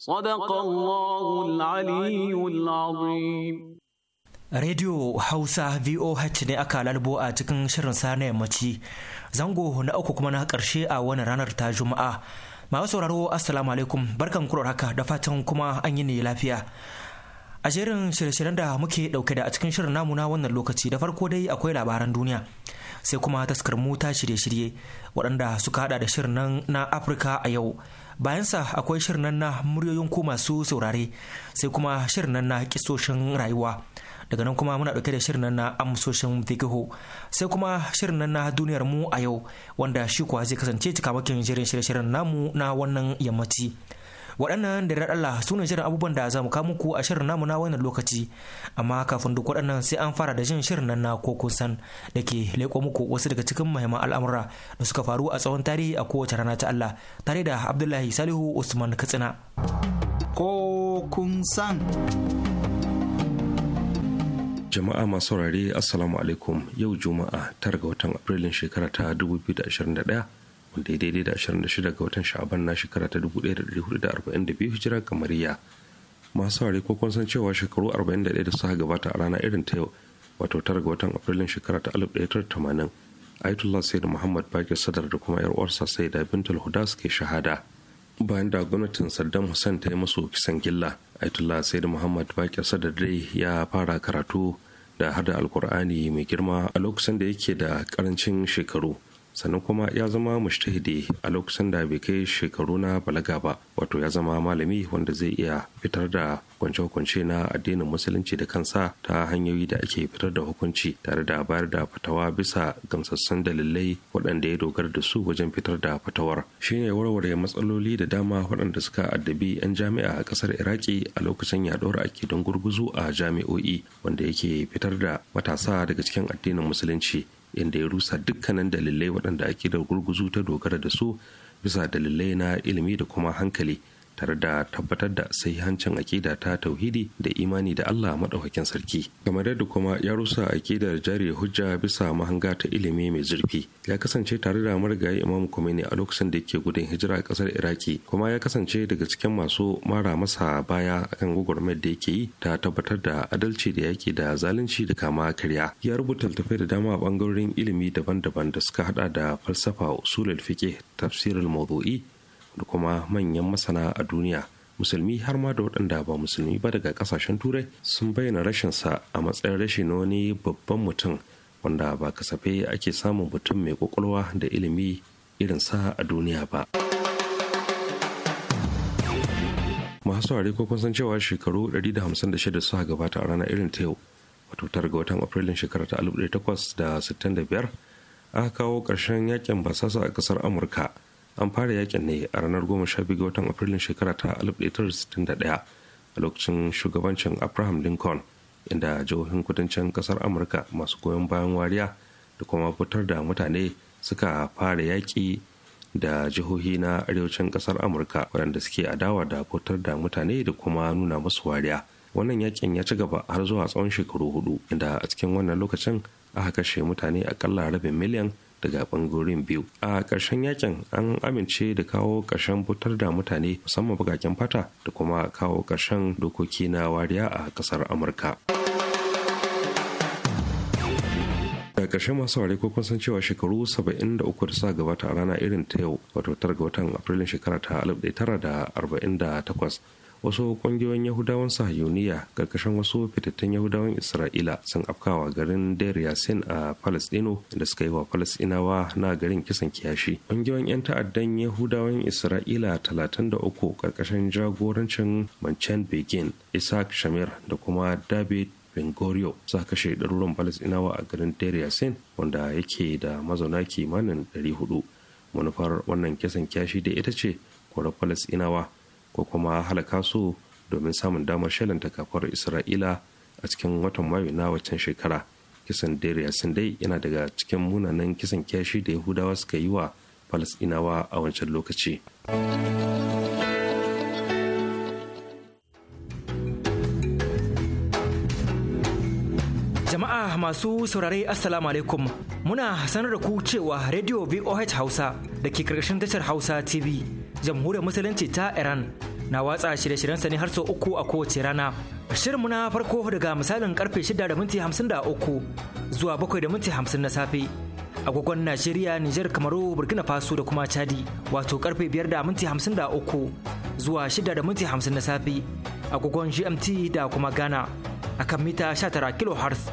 صدق الله العلي العظيم Radio Hausa VOH ne aka lalbo a cikin shirin sane mace yammaci zango na uku kuma na karshe a wani ranar ta Juma'a. Masu sauraro Assalamu alaikum barkan kurar haka da fatan kuma an yi ne lafiya. A jerin shirye-shiryen da muke dauke da a cikin shirin namuna wannan lokaci da farko dai akwai labaran duniya sai kuma taskar mu ta shirye-shirye waɗanda suka hada da shirin nan na Afirka a yau. bayan sa akwai shirin nan na muryoyin ku masu saurare sai kuma shirin nan na kisoshin rayuwa daga nan kuma muna dauke da shirin nan na amsoshin tekiho sai kuma shirin nan na duniyar mu a yau wanda shi kuwa zai kasance cikamakin shirin shirye-shiryen namu na wannan yammaci waɗannan da Allah su ne shirin abubuwan da za mu kawo muku a shirin namu na wannan lokaci amma kafin duk waɗannan sai an fara da jin shirin nan na ko kun san da ke leƙo muku wasu daga cikin muhimman al'amura da suka faru a tsawon tarihi a kowace rana ta Allah tare da Abdullahi Salihu Usman Katsina. Ko kun san. jama'a masu saurare assalamu alaikum yau juma'a tara ga watan afrilun shekara ta 2021 wanda ya daidai da 26 ga watan sha'aban na shekara ta 1442 hijira kamariya masu ware ko kun san cewa shekaru 41 da suka gabata a rana irin ta yau wato tara ga watan afrilun shekara ta 1980 ayatollah sayyid muhammad baki sadar da kuma yar uwarsa sayyida bintul huda suke shahada bayan da gwamnatin saddam hussein ta yi musu kisan gilla ayatollah sayyid muhammad baki sadar dai ya fara karatu da hada alkur'ani mai girma a lokacin da yake da karancin shekaru sannan kuma ya zama mushtahidi a lokacin da bai kai shekaru na balaga ba wato ya zama malami wanda zai iya fitar da kwance-kwance na addinin musulunci da kansa ta hanyoyi da ake fitar da hukunci tare da bayar da fatawa bisa gamsassun dalilai waɗanda ya dogara da su wajen fitar da fatawar Shi ne warware matsaloli da dama waɗanda suka addabi 'yan jami'a a ƙasar iraki a lokacin yaɗuwar ake don gurguzu a jami'o'i wanda yake fitar da matasa daga cikin addinin musulunci inda ya rusa dukkanin dalilai waɗanda ake da gurguzu ta dogara da su bisa dalilai na ilimi da kuma hankali tare da tabbatar da hancin akida ta tauhidi da imani da Allah maɗaukakin sarki kamar yadda kuma ya rusa akidar jari hujja bisa mahanga ta ilimi mai zurfi ya kasance tare da marigayi Imam Khomeini a lokacin da yake gudun hijira a ƙasar Iraki kuma ya kasance daga cikin masu mara masa baya akan gwagwarmayar da yake yi ta tabbatar da adalci da yake da zalunci da kama karya ya rubuta littattafai da dama a bangarorin ilimi daban-daban da suka hada da falsafa usulul fiqh tafsirul mawdu'i da kuma manyan masana a duniya musulmi har ma da waɗanda ba musulmi ba daga ƙasashen turai sun bayyana rashinsa a matsayin rashin na wani babban mutum wanda ba kasafai ake samun mutum mai kwakwalwa da ilimi irin sa a duniya ba. masu saurari ko kun san cewa shekaru 156 suka gabata a ranar irin ta yau wato targa watan afrilun shekara ta 1865 aka kawo ƙarshen yakin basasa a ƙasar amurka an fara yakin ne a ranar goma 12 ga watan afrilun shekara ta 1961 a lokacin shugabancin abraham lincoln inda jihohin kudancin kasar amurka masu goyon bayan wariya da kuma fitar da mutane suka fara yaƙi da jihohi na arewacin kasar amurka waɗanda suke adawa da fitar da mutane da kuma nuna masu wariya wannan yakin ya ci gaba har zuwa tsawon shekaru hudu inda a cikin wannan lokacin aka kashe mutane akalla rabin miliyan daga bangorin biyu a karshen yakin an amince da kawo ƙarshen fitar da mutane musamman bukaken fata da kuma kawo karshen dokoki na wariya a ƙasar amurka da ƙarshen masu ware ko kun san cewa shekaru 73 da sa gabata a rana irin ta yau wato tara ga watan afrilun shekara ta 1948 wasu kungiyoyin yahudawan sahayuniya karkashin wasu fitattun yahudawan isra'ila sun afkawa garin deir yasin a palestino da suka yi wa palestinawa na garin kisan kiyashi kungiyoyin 'yan ta'addan yahudawan isra'ila 33 karkashin jagorancin manchen begin isaac shamir da kuma david bengorio za kashe ɗaruran palestinawa a garin deir yasin wanda yake da mazauna kimanin 400 manufar wannan kisan kiyashi da ita ce kwarar palestinawa ko kuma halaka su domin samun damar shalanta kafar isra'ila a cikin watan mayu na waccan shekara kisan dare yasin dai yana daga cikin munanan kisan kyashi da yahudawa suka yi wa falasɗinawa a wancan lokaci jama'a masu saurare assalamu alaikum muna sanar da ku cewa radio voh hausa da ke karkashin tashar hausa tv jamhuriyar musulunci ta iran na watsa shirye shiryen ne har sau uku a kowace rana shirinmu na farko daga misalin karfe 6 da minti 53 zuwa 7 da minti 50 na safe agogon najeriya niger kamaru burkina faso da kuma chadi wato karfe 5 da minti 53 zuwa 6 da minti 50 na safe agogon gmt da kuma ghana akan mita 19 kilohertz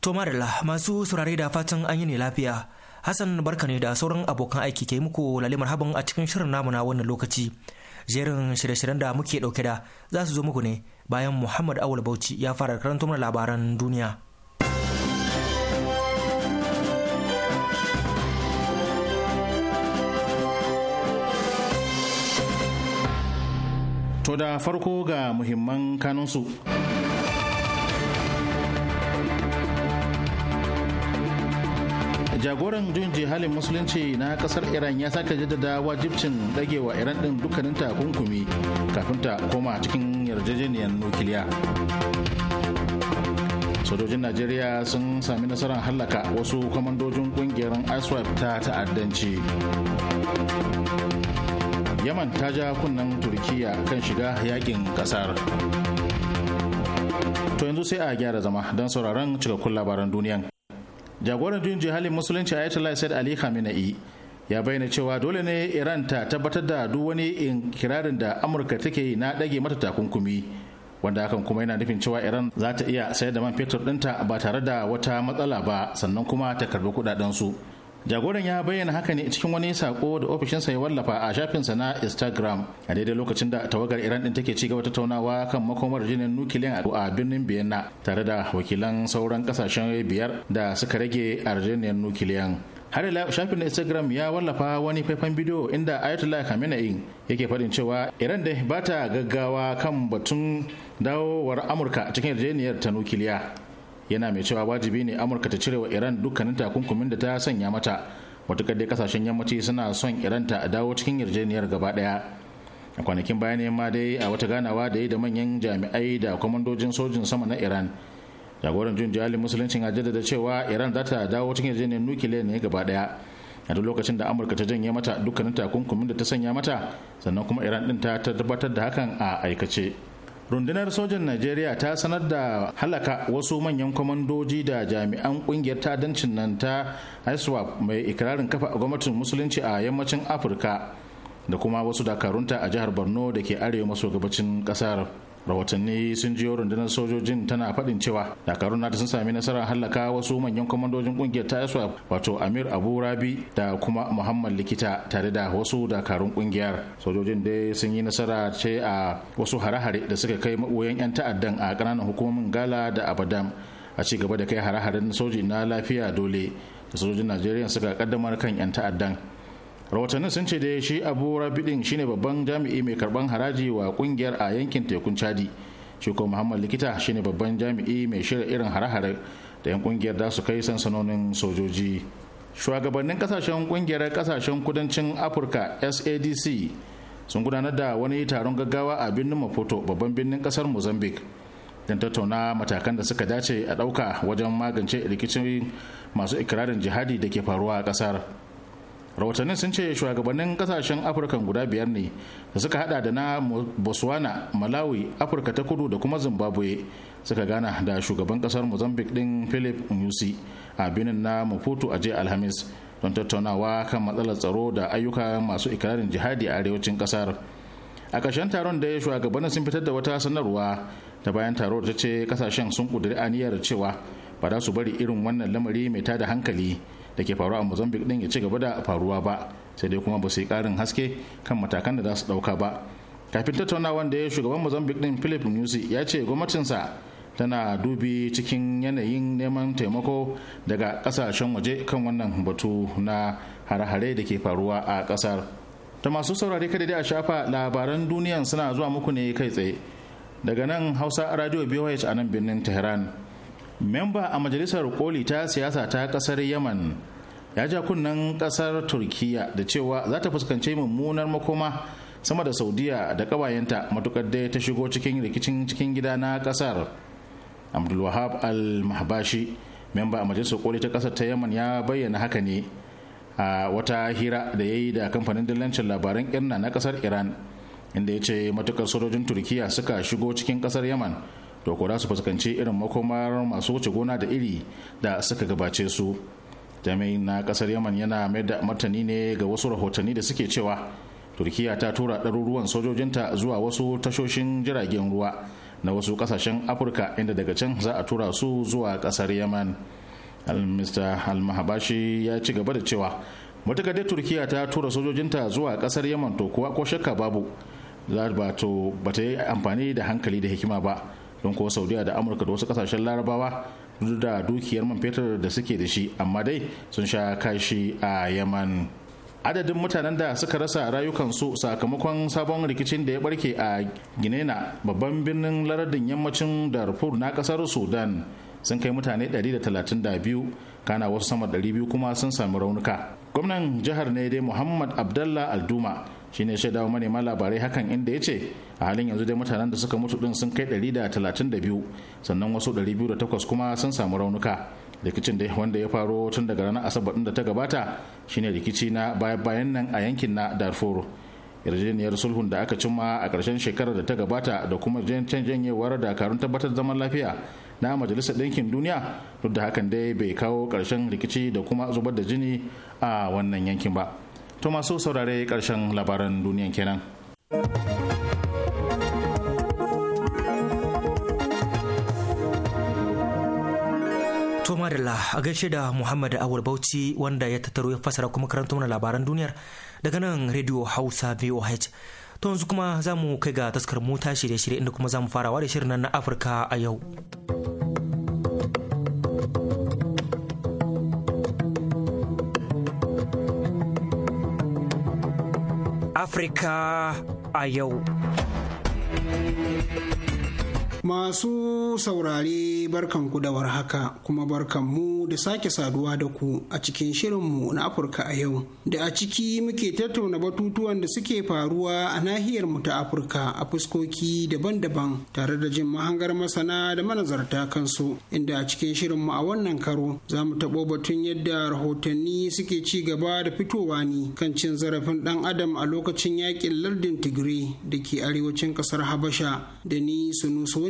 To marilla masu saurare da fatan an yi ne lafiya. Hassan barka ne da sauran abokan aiki ke muku lalimar habin a cikin shirin namu na wannan lokaci. Jerin shirye-shiryen da muke dauke da za su zo muku ne bayan Muhammad Awul Bauchi ya fara karanta mana labaran duniya. To da farko ga muhimman kanunsu. jagoran junji halin musulunci na kasar iran ya sake jaddada wajibcin dagewa iran din dukkanin takunkumi kafin ta koma cikin yarjejeniyar nukiliya sojojin najeriya sun sami nasarar hallaka wasu kwamandojin kungiyar iswap ta ta'addanci yaman ta ja kunnen turkiya kan shiga yakin kasar to yanzu sai a gyara zama don sauraron cikakkun labaran duniyan jagoran juyin jihalin musulunci ayatollah said ali khamenei ya bayyana cewa dole ne iran ta tabbatar da duk wani inkirarin da amurka take yi na dage mata takunkumi wanda hakan kuma yana nufin cewa iran za ta iya sayar da man fetur dinta ba tare da wata matsala ba sannan kuma ta karbi kuɗaɗen su jagoran ya bayyana haka ne cikin wani sako da ofishinsa ya wallafa a shafinsa na instagram a daidai lokacin da tawagar iran din take cigaba taunawa kan makomar jinin nukiliyan a birnin biyanna tare da wakilan sauran kasashen biyar da suka rage a nukiliyan har ila shafin na instagram ya wallafa wani faifan bidiyo inda ayatollah khamenei yake faɗin cewa iran da ba ta gaggawa kan batun dawowar amurka cikin yarjejeniyar ta nukiliya yana mai cewa wajibi ne amurka ta wa iran dukkanin takunkumin da ta sanya mata wata kadai kasashen yammaci suna son iran ta dawo cikin yarjejeniyar gaba daya a kwanakin baya ma dai a wata ganawa da yi da manyan jami'ai da kwamandojin sojin sama na iran jagoran jun jihalin musuluncin a jaddada cewa iran za ta dawo cikin yarjejeniyar nukiliya ne gaba daya a duk lokacin da amurka ta janye mata dukkanin takunkumin da ta sanya mata sannan kuma iran din ta tabbatar da hakan a aikace rundunar sojan najeriya ta sanar da halaka wasu manyan kwamandoji da jami'an kungiyar ta'addancin nan ta iswap mai ikirarin kafa gwamnatin musulunci a yammacin afirka da kuma wasu dakarunta a jihar borno da ke arewa maso gabacin kasar rahotanni sun jiyo rundunar sojojin tana faɗin cewa dakarun nata sun sami nasarar hallaka wasu manyan kwamandojin kungiyar ta iswap wato amir abu rabi da kuma muhammad likita tare da wasu dakarun kungiyar sojojin dai sun yi nasara ce a wasu hare-hare da suka kai maɓoyan 'yan ta'addan a kananan hukumomin gala da abadam a ci gaba da kai hare-haren soji na lafiya dole da sojojin najeriya suka kaddamar kan 'yan ta'addan rahotannin sun ce da shi abu rabi din shine babban jami'i mai karban haraji wa kungiyar a yankin tekun chadi shi ko muhammad likita shine babban jami'i mai shirya irin hare-hare da yan kungiyar da su kai sansanonin sojoji shugabannin kasashen kungiyar kasashen kudancin afirka sadc sun gudanar da wani taron gaggawa a birnin maputo babban birnin kasar mozambique don tattauna matakan da suka dace a ɗauka wajen magance rikicin masu ikirarin jihadi da ke faruwa a ƙasar. rahotannin sun ce shugabannin kasashen afirka guda biyar ne da suka hada da na botswana malawi afirka ta kudu da kuma zimbabwe suka gana da shugaban kasar mozambique din philip nyusi a binin na mafutu a jiya alhamis don tattaunawa kan matsalar tsaro da ayyuka masu ikirarin jihadi a arewacin kasar a ƙarshen taron da ya shugabannin sun fitar da wata sanarwa da bayan taro da ta ce kasashen sun ƙudiri aniyar cewa ba za su bari irin wannan lamari mai tada hankali da ke faruwa a mozambique din ya ci gaba da faruwa ba sai dai kuma ba su yi karin haske kan matakan da za su dauka ba kafin tattaunawa da ya shugaban mozambique din philip nyusi ya ce gwamnatinsa tana dubi cikin yanayin neman taimako daga kasashen waje kan wannan batu na hare-hare da ke faruwa a kasar ta masu saurari kada dai a shafa labaran duniyan suna zuwa muku ne kai tsaye daga nan hausa radio bh a nan birnin tehran memba a majalisar koli ta siyasa ta kasar yaman ya ja kunnen kasar turkiya da cewa za ta fuskanci mummunar makoma sama da saudiya da kabayenta matukar dai ta shigo cikin rikicin cikin gida na kasar abdulwahab al-mahbashi memba a majalisar koli ta kasar ta yaman ya bayyana haka ne a wata hira da ya yi da kamfanin dillancin labaran irna na kasar iran inda ya ce matukar sojojin turkiya suka shigo cikin kasar yaman to ko su fuskanci irin makomar masu wuce gona da iri da suka gabace su jami'in na kasar yaman yana mai da martani ne ga wasu rahotanni da suke cewa turkiya ta tura ɗaruruwan sojojinta zuwa wasu tashoshin jiragen ruwa na wasu kasashen afirka inda daga can za a tura su zuwa kasar yaman mr almahabashi ya ci gaba da cewa matuƙar dai turkiya ta tura sojojinta zuwa ƙasar yaman to kuwa ko shakka babu za ba ta yi amfani da hankali da hikima ba don kuwa saudiya da amurka da wasu kasashen larabawa duk da dukiyar man fetur da suke da shi amma dai sun sha kashi a yaman adadin mutanen da suka rasa rayukansu sakamakon sabon rikicin da ya barke a ginena babban birnin lardin yammacin darfur na kasar sudan sun kai mutane 132 kana wasu sama 200 kuma sun sami raunuka gwamnan jihar ne dai muhammad abdallah alduma shine shaidawa manema labarai hakan inda ya ce a halin yanzu dai mutanen da suka mutu din sun kai 132 sannan wasu 208 kuma sun samu raunuka rikicin da wanda ya faro tun daga ranar asabar da ta gabata shine rikici na bayan nan a yankin na darfur yarjejeniyar sulhun da aka cimma a ƙarshen shekarar da ta gabata da kuma janyewar dakarun tabbatar zaman lafiya na majalisar ɗinkin duniya duk da hakan dai bai kawo ƙarshen rikici da kuma zubar da jini a wannan yankin ba to masu saurare ƙarshen labaran duniyan kenan. la a gaishe da Muhammad Awul Bauchi wanda ya tattaro ya fasara kuma karanta mana labaran duniyar daga nan Radio Hausa VOH. To yanzu kuma za mu kai ga taskar mota shirye-shirye inda kuma za mu farawa da shirin nan na Afirka a yau. Afirka a yau. Masu saurare barkanku da warhaka kuma barkanmu da sake saduwa da ku a cikin shirinmu na Afirka a yau. Da a ciki muke tattauna batutuwan da suke faruwa a nahiyar mu ta Afirka a fuskoki daban-daban tare da jin mahangar masana da manazarta kansu inda a cikin shirinmu a wannan karo za mu taɓo batun yadda rahotanni suke ci gaba da fitowa ne kan cin zarafin ɗan adam a lokacin yaƙin lardin Tigray da ke arewacin ƙasar Habasha da ni Sunusu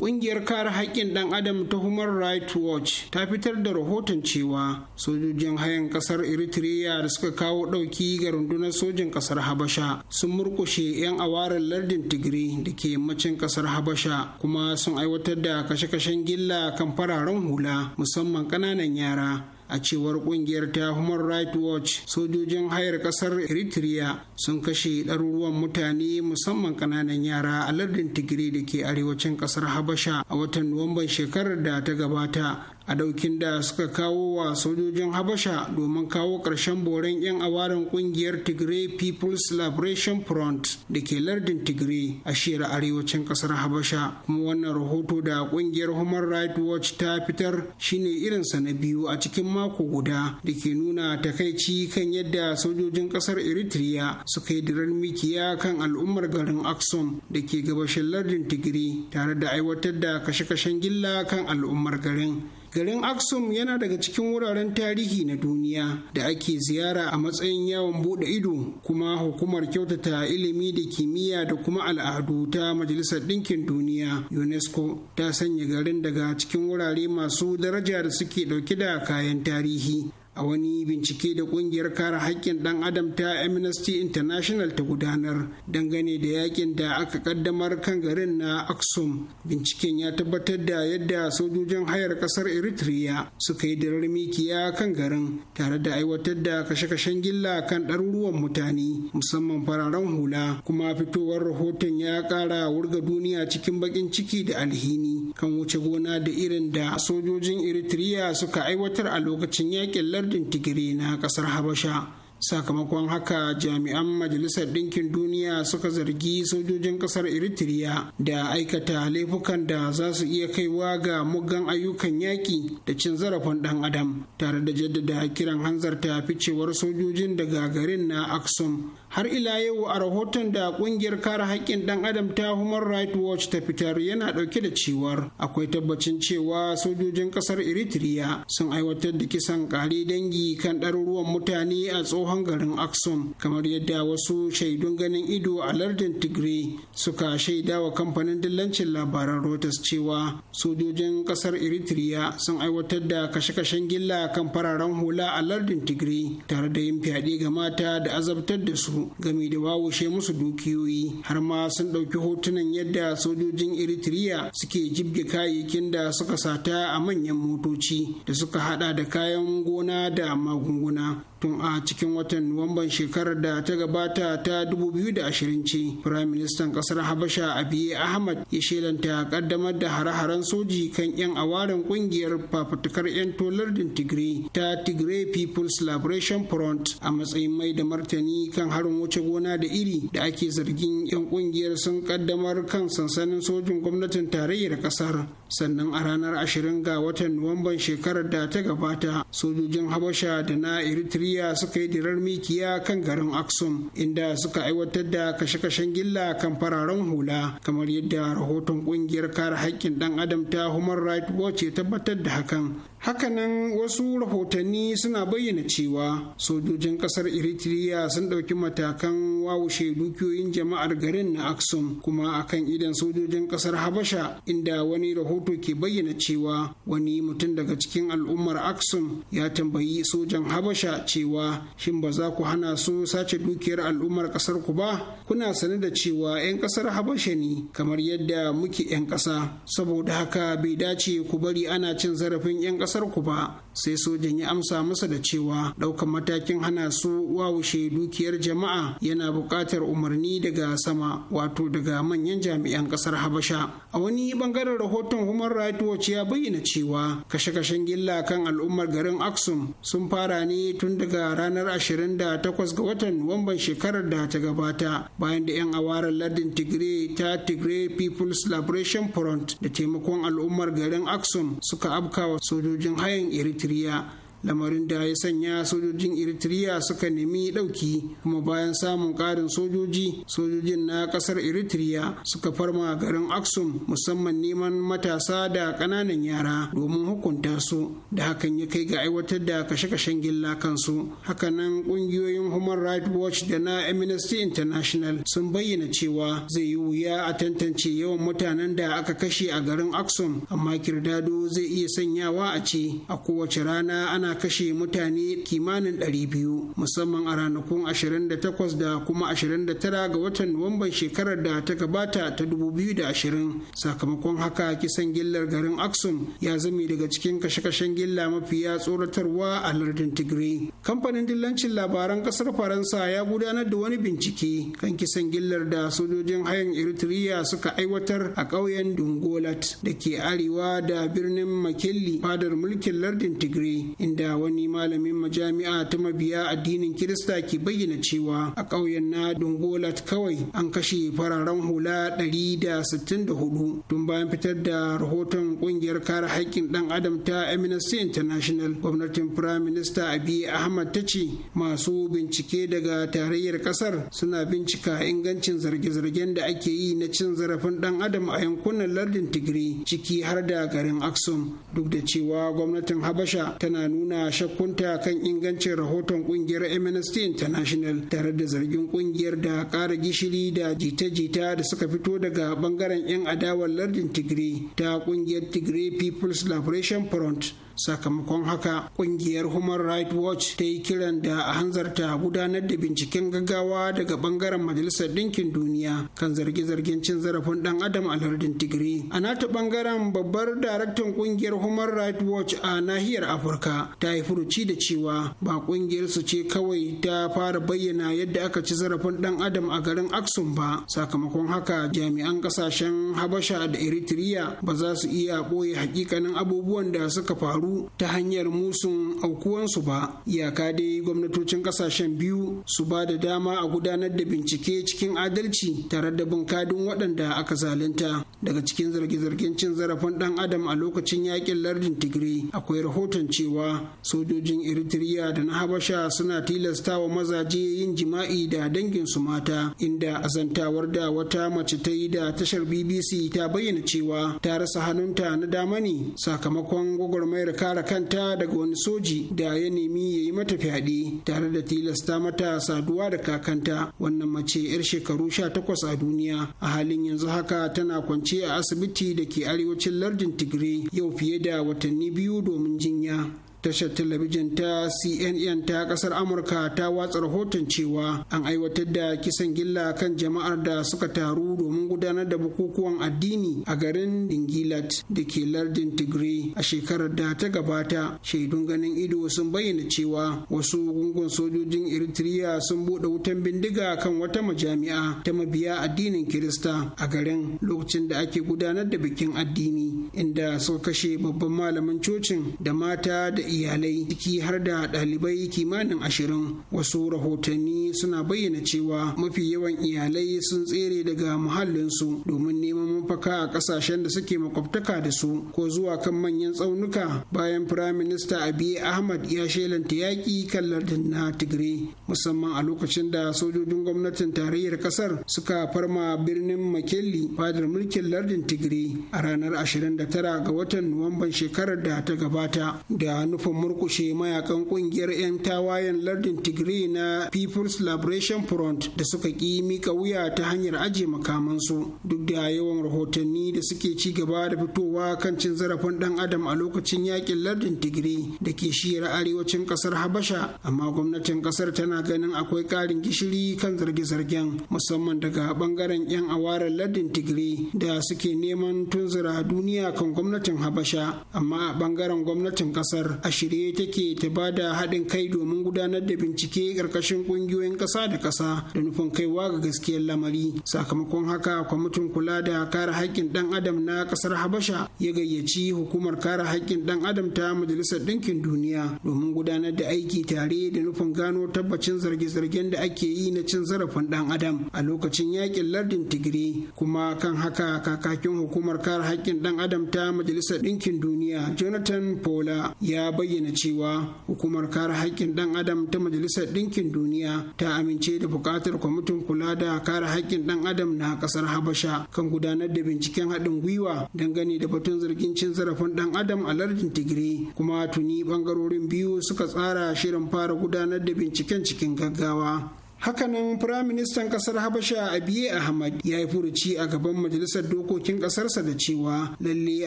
Ƙungiyar kare haƙƙin ɗan adam ta Human Rights Watch ta fitar da rahoton cewa sojojin hayan ƙasar Eritrea da suka kawo ɗauki ga rundunar sojin ƙasar Habasha sun murkushe 'yan awarin lardin Tigray da ke yammacin ƙasar Habasha kuma sun aiwatar da kashe-kashen gilla kan fararen hula musamman ƙananan yara. a cewar kungiyar ta human rights watch sojojin hayar kasar eritrea sun kashe ɗaruruwan mutane musamman ƙananan yara a lardin tigiri da ke arewacin kasar habasha a watan nuwamban shekarar da ta gabata a daukin da suka kawo wa sojojin habasha domin kawo ƙarshen boren 'yan awarin ƙungiyar tigray people's liberation front da ke lardin tigray a shiyar arewacin ƙasar habasha kuma wannan rahoto da ƙungiyar human rights watch ta fitar shine irinsa na biyu a cikin mako guda da ke nuna takaici kan yadda sojojin ƙasar eritrea suka yi dirar mikiya kan al'ummar garin Aksum da ke gabashin lardin Tigray tare da aiwatar da kashe-kashen gilla kan al'ummar garin. Garin Aksum yana daga cikin wuraren tarihi na duniya da ake ziyara a matsayin yawon bude ido kuma hukumar kyautata ilimi da kimiyya da kuma al'adu ta Majalisar Ɗinkin Duniya UNESCO ta sanya garin daga cikin wurare masu daraja da suke ɗauke da kayan tarihi a wani bincike da kungiyar kare haƙƙin ɗan adam ta amnesty international ta gudanar dangane da yakin da aka kaddamar kan garin na aksum binciken ya tabbatar da yadda sojojin hayar ƙasar eritrea suka yi dirar mikiya kan garin tare da aiwatar da kashe-kashen gilla kan ɗaruruwan mutane musamman fararen hula kuma fitowar rahoton ya ƙara wurga duniya cikin baƙin ciki da alhini kan wuce gona da irin da sojojin eritrea suka aiwatar a lokacin yakin lardin tigiri na kasar habasha sakamakon haka jami'an majalisar ɗinkin duniya suka zargi sojojin ƙasar eritrea da aikata laifukan da za su iya kaiwa ga muggan ayyukan yaƙi da cin zarafin ɗan adam tare da jaddada kiran hanzarta ficewar sojojin daga garin na aksum har ila yau a rahoton da ƙungiyar kare haƙƙin ɗan adam ta human rights watch ta fitar yana ɗauke da cewar akwai tabbacin cewa sojojin ƙasar eritrea sun aiwatar da kisan ƙare dangi kan ɗaruruwan mutane a tsohon tsohon garin Aksum kamar yadda wasu shaidun ganin ido a lardin Tigray suka shaida wa kamfanin dillancin labaran Reuters cewa sojojin kasar Eritrea sun aiwatar da kashe-kashen gilla kan fararen hula a lardin Tigray tare da yin fyaɗe ga mata da azabtar da su gami da wawushe musu dukiyoyi har ma sun ɗauki hotunan yadda sojojin Eritrea suke jibge kayayyakin da suka sata a manyan motoci da suka hada da kayan gona da magunguna tun a cikin watan nuwamban shekarar da ta gabata ta 2020 ce firaministan ƙasar habasha Abiy ahmad ya shelanta kaddamar da hare-haren soji kan 'yan awarin ƙungiyar fafutukar 'yan din tigray ta tigray people's liberation front a matsayin mai da martani kan harin wuce gona da iri da ake zargin 'yan ƙungiyar sun kaddamar kan sansanin sojin gwamnatin tarayyar ƙasar. sannan a ranar 20 ga watan nuwamban shekarar da ta gabata sojojin habasha da na eritrea suka yi dirar mikiya kan garin Aksum inda suka aiwatar da kashe-kashen gilla kan fararen hula kamar yadda rahoton ƙungiyar kare haƙƙin ɗan adam ta Human Rights Watch ya tabbatar da hakan hakanan wasu rahotanni suna bayyana cewa sojojin kasar eritrea sun ɗauki matakan wawushe dukiyoyin jama'ar garin na aksum kuma akan idan sojojin kasar habasha inda wani rahoto ke bayyana cewa wani mutum daga cikin al'ummar aksum ya tambayi sojan habasha cewa shin ba za ku hana su sace dukiyar al'ummar kasar ku ba kuna sane da cewa 'yan kasar habasha ne kamar yadda muke 'yan ƙasa saboda haka bai dace ku bari ana cin zarafin 'yan ƙasar ku ba sai sojan ya amsa masa da cewa ɗaukan matakin hana su wawushe dukiyar jama'a yana buƙatar umarni daga sama wato daga manyan jami'an ƙasar habasha a wani bangaren rahoton human rights watch ya bayyana cewa kashe-kashen gilla kan al'ummar garin aksum sun fara ne tun daga ranar 28 ga watan nuwamban shekarar da ta gabata bayan da 'yan awarar lardin tigray ta tigray people's liberation front da taimakon al'ummar garin aksum suka afkawa sojojin hayan eritrea maestría lamarin da ya sanya sojojin eritrea suka nemi ɗauki kuma bayan samun ƙarin sojoji sojojin na ƙasar eritrea suka farma garin aksum musamman neman matasa da ƙananan yara domin hukunta su da hakan ya kai ga aiwatar da kashe-kashen gilla kansu hakanan ƙungiyoyin human rights watch da na amnesty international sun bayyana cewa zai yi wuya a tantance yawan mutanen da aka kashe a garin aksum amma kirdado zai iya sanyawa a ce a kowace rana ana ana kashe mutane kimanin 200 musamman a ranakun 28 da kuma 29 ga watan Nuwamban shekarar da ta gabata ta 2020 sakamakon haka kisan gillar garin Aksum ya zame daga cikin kashe-kashen gilla mafiya tsoratarwa a lardin Tigray. Kamfanin dillancin labaran kasar Faransa ya gudanar da wani bincike kan kisan gillar da sojojin hayan Eritrea suka aiwatar a ƙauyen Dungolat da ke arewa da birnin Makelli fadar mulkin lardin Tigray inda Da wani malamin majami'a ta mabiya addinin kirista ke bayyana cewa a ƙauyen na dongolat kawai an kashe fararen hula 164 tun bayan fitar da rahoton ƙungiyar kare haƙƙin ɗan adam ta amnesty international gwamnatin prime minister abiy ahmad ta ce masu bincike daga tarayyar ƙasar suna bincika ingancin zarge-zargen da ake yi na cin zarafin ɗan adam a yankunan lardin Tigray ciki har da garin aksum duk da cewa gwamnatin habasha tana nuna nuna shakkunta kan ingancin rahoton kungiyar amnesty international tare da zargin kungiyar da ƙara gishiri da jita-jita da suka fito daga bangaren 'yan adawar lardin tigray ta kungiyar tigray people's liberation front sakamakon haka kungiyar human rights watch ta yi kiran da a hanzarta gudanar da binciken gaggawa daga bangaren majalisar ɗinkin duniya kan zarge-zargen cin zarafin ɗan adam a lardin tigiri a nata bangaren babbar daraktan kungiyar human rights watch a nahiyar afirka ta yi furuci da cewa ba kungiyar su ce kawai ta fara bayyana yadda aka ci zarafin ɗan adam a garin aksum ba sakamakon haka jami'an ƙasashen habasha da eritrea ba za su iya ɓoye hakikanin abubuwan da suka faru faru ta hanyar musun aukuwansu ba iyaka dai gwamnatocin kasashen biyu su ba da dama a gudanar da bincike cikin adalci tare da bin kadin waɗanda aka zalunta daga cikin zarge-zargen cin zarafin ɗan adam a lokacin yakin lardin tigray akwai rahoton cewa sojojin eritrea da na habasha suna tilastawa mazaje yin jima'i da dangin su mata inda azantawar da wata mace ta yi da tashar bbc ta bayyana cewa ta rasa hannunta na dama ne sakamakon gwagwarmayar kare kanta daga wani soji da ya nemi ya yi mata fyaɗe tare da tilasta mata saduwa da kakanta wannan mace 'yar shekaru sha takwas a duniya a halin yanzu haka tana kwance a asibiti da ke arewacin lardin tigray yau fiye da watanni biyu domin jinya tashar talabijin ta cnn ta kasar amurka ta watsa rahoton cewa an aiwatar da kisan gilla kan jama'ar da suka taru domin gudanar da bukukuwan addini a garin dingilat da ke lardin tigray a shekarar da ta gabata shaidun ganin ido sun bayyana cewa wasu gungun sojojin eritrea sun buɗe wutan bindiga kan wata majami'a ta mabiya addinin kirista a garin lokacin da ake gudanar da bikin addini inda suka kashe babban malamin cocin da mata da iyalai ciki har da ɗalibai kimanin ashirin wasu rahotanni suna bayyana cewa mafi yawan iyalai sun tsere daga muhallinsu domin neman mafaka a ƙasashen da suke makwabtaka da su ko zuwa kan manyan tsaunuka bayan firaminista abiy ahmad ya shelanta yaƙi kan lardin na tigray musamman a lokacin da sojojin gwamnatin tarayyar kasar suka farma birnin makelli fadar mulkin lardin tigray a ranar 29 ga watan nuwamban shekarar da ta gabata da nufin murkushe mayakan kungiyar 'yan tawayen lardin tigray na people's liberation front da suka ki mika wuya ta hanyar ajiye makamansu duk da yawan rahotanni da suke ci gaba da fitowa kan cin zarafin dan adam a lokacin yakin lardin tigray da ke shiyar arewacin kasar habasha amma gwamnatin kasar tana ganin akwai karin gishiri kan zarge-zargen musamman daga bangaren 'yan awarar lardin tigray da suke neman tunzura duniya kan gwamnatin habasha amma a bangaren gwamnatin kasar a a shirye take ta ba da haɗin kai domin gudanar da bincike ƙarƙashin ƙungiyoyin ƙasa da ƙasa da nufin kaiwa ga gaskiyar lamari sakamakon haka kwamitin kula da kare haƙƙin ɗan adam na ƙasar habasha ya gayyaci hukumar kare haƙƙin ɗan adam ta majalisar ɗinkin duniya domin gudanar da aiki tare da nufin gano tabbacin zarge-zargen da ake yi na cin zarafin ɗan adam a lokacin yaƙin lardin tigiri kuma kan haka kakakin hukumar kare haƙƙin ɗan adam ta majalisar ɗinkin duniya jonathan pola ya bayyana cewa hukumar kare haƙƙin ɗan adam ta majalisar ɗinkin duniya ta amince da buƙatar kwamitin kula da kare haƙƙin ɗan adam na ƙasar habasha kan gudanar da binciken haɗin gwiwa dangane da batun zargin cin zarafin ɗan adam a lardin tigiri kuma tuni ɓangarorin biyu suka tsara shirin fara gudanar da binciken cikin gaggawa hakanan firaministan ƙasar habasha abiye ahmad ya yi furuci a gaban majalisar dokokin ƙasarsa da cewa lalle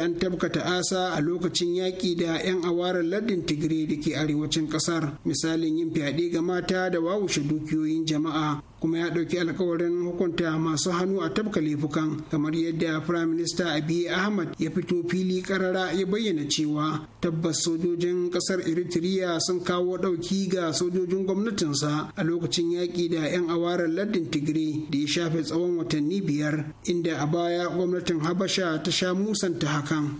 an tabkata asa a lokacin yaƙi da 'yan awarar lardin tigre da ke arewacin ƙasar, misalin yin fyaɗe ga mata da wawushe dukiyoyin jama'a kuma ya ɗauki alkawarin hukunta masu hannu a tabka laifukan kamar yadda prime minista abiy ahmad ya fito fili karara ya bayyana cewa tabbas sojojin ƙasar eritrea sun kawo ɗauki ga sojojin gwamnatinsa a lokacin yaƙi da 'yan awarar lardin tigray da ya shafe tsawon watanni biyar inda a baya gwamnatin habasha ta sha musanta hakan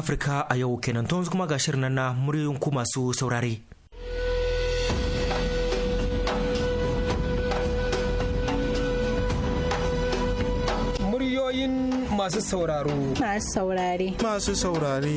Afirka a yau kenan to kuma ga shirin nan na muryoyin ku masu saurare. Muryoyin masu sauraro. Masu saurare. Masu saurare.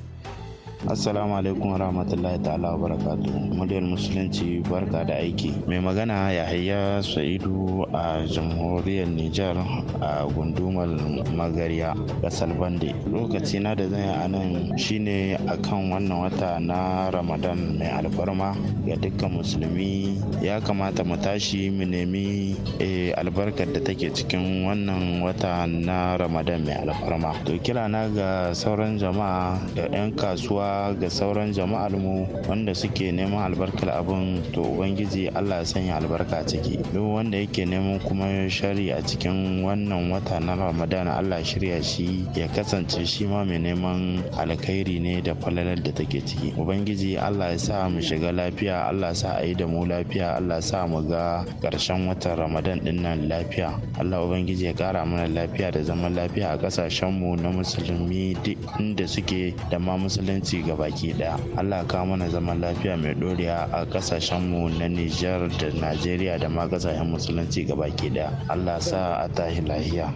assalamu alaikum warahmatullahi ta'ala wa barakatu muryar musulunci barka da aiki mai magana yahaya sa'idu a jamhuriyar nijar a gundumar magariya kasar bande lokaci na da zai a nan shine akan wannan wata na ramadan mai alfarma ga dukkan musulmi ya kamata mu tashi mu nemi eh, albarkar da take cikin wannan wata na ramadan mai alfarma to kira na ga sauran jama'a da 'yan kasuwa ga sauran jama'ar mu wanda suke neman albarkar abun to ubangiji Allah ya sanya albarka ciki duk wanda yake neman kuma shari a cikin wannan wata na Ramadan Allah shirya shi ya kasance shi ma mai neman alkhairi ne da falalar da take ciki ubangiji Allah ya sa mu shiga lafiya Allah sa a yi da mu lafiya Allah sa mu ga ƙarshen watan Ramadan din nan lafiya Allah ubangiji ya ƙara mana lafiya da zaman lafiya a ƙasashen mu na musulmi duk inda suke da ma musulunci ci gaba daya allah ka mana zaman lafiya mai dorewa a kasashen mu na nijar da najeriya da ma kasashen musulunci gaba ki daya allah sa a tahi lahiya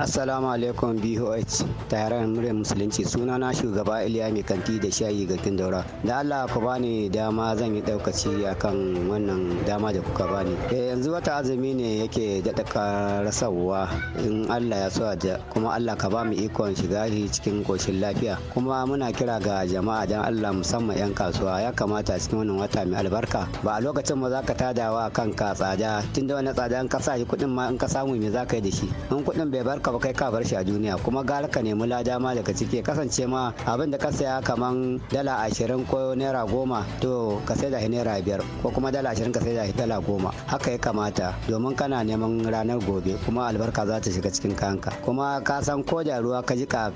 Assalamu alaikum BOH taron murya musulunci suna na shugaba Iliya mai kanti da shayi ga daura. Da Allah ku bani dama zan yi daukaci akan wannan dama da kuka bani. E, yanzu wata azumi ne yake daɗa karasawa in Allah ya so da kuma Allah ka ba mu ikon shiga shi cikin koshin lafiya. Kuma muna kira ga jama'a dan Allah musamman 'yan kasuwa ya kamata cikin wannan wata mai albarka. Ba a lokacin ma za ka tadawa kanka tsada tunda wani tsada in ka sa kuɗin ma in ka samu me za ka yi da shi. In kuɗin bai barka ba kai ka bar shi a duniya kuma gara ka nemi lada ma daga ciki kasance ma abin da ka saya kaman dala ashirin ko naira goma to ka sai da shi naira biyar ko kuma dala ashirin ka sai da shi dala goma haka ya kamata domin kana neman ranar gobe kuma albarka za ta shiga cikin kanka kuma ka san ko da ruwa ka ji ka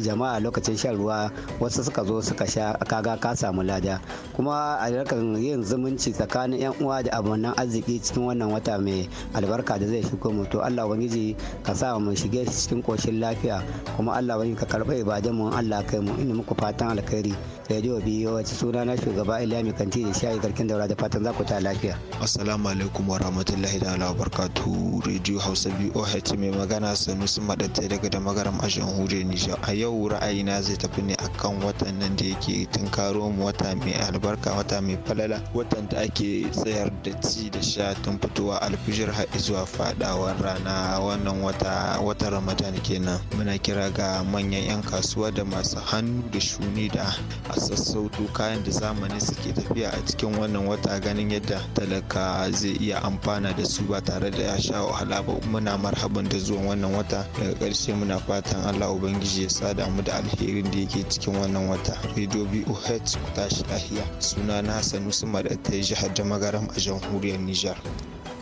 jama'a lokacin shan ruwa wasu suka zo suka sha kaga ka samu lada kuma albarkan yin zumunci tsakanin yan uwa da abunan arziki cikin wannan wata mai albarka da zai shigo mu to Allah ubangiji ka sa mu shi shige cikin koshin lafiya kuma Allah wani ka karɓa ibadan mu Allah kai mu ina muku fatan alkhairi radio biyo wace suna na shugaba Ilya kanti da shayi garkin daura da fatan za ku ta lafiya. Assalamu alaikum wa rahmatullahi da ala barkatu radio Hausa BOH mai magana Sanusi Madatta daga da magaram a jamhuriyar Nijar. A yau ra'ayina zai tafi ne akan watan nan da yake tunkaro mu wata mai albarka wata mai falala watan da ake tsayar da ci da sha tun fitowa alfijir har zuwa fadawar rana wannan wata watan ramadan kenan muna kira ga manyan 'yan kasuwa da masu hannu da shuni da a sassauto kayan da zamani suke tafiya a cikin wannan wata ganin yadda talaka zai iya amfana da su ba tare da ya sha wahala ba muna marhaban da zuwan wannan wata daga karshe muna fatan allah ubangiji ya sada mu da alherin da yake cikin wannan wata radio boh ku tashi lahiya suna na hassan usman da ta jihar jamagaram a jamhuriyar nijar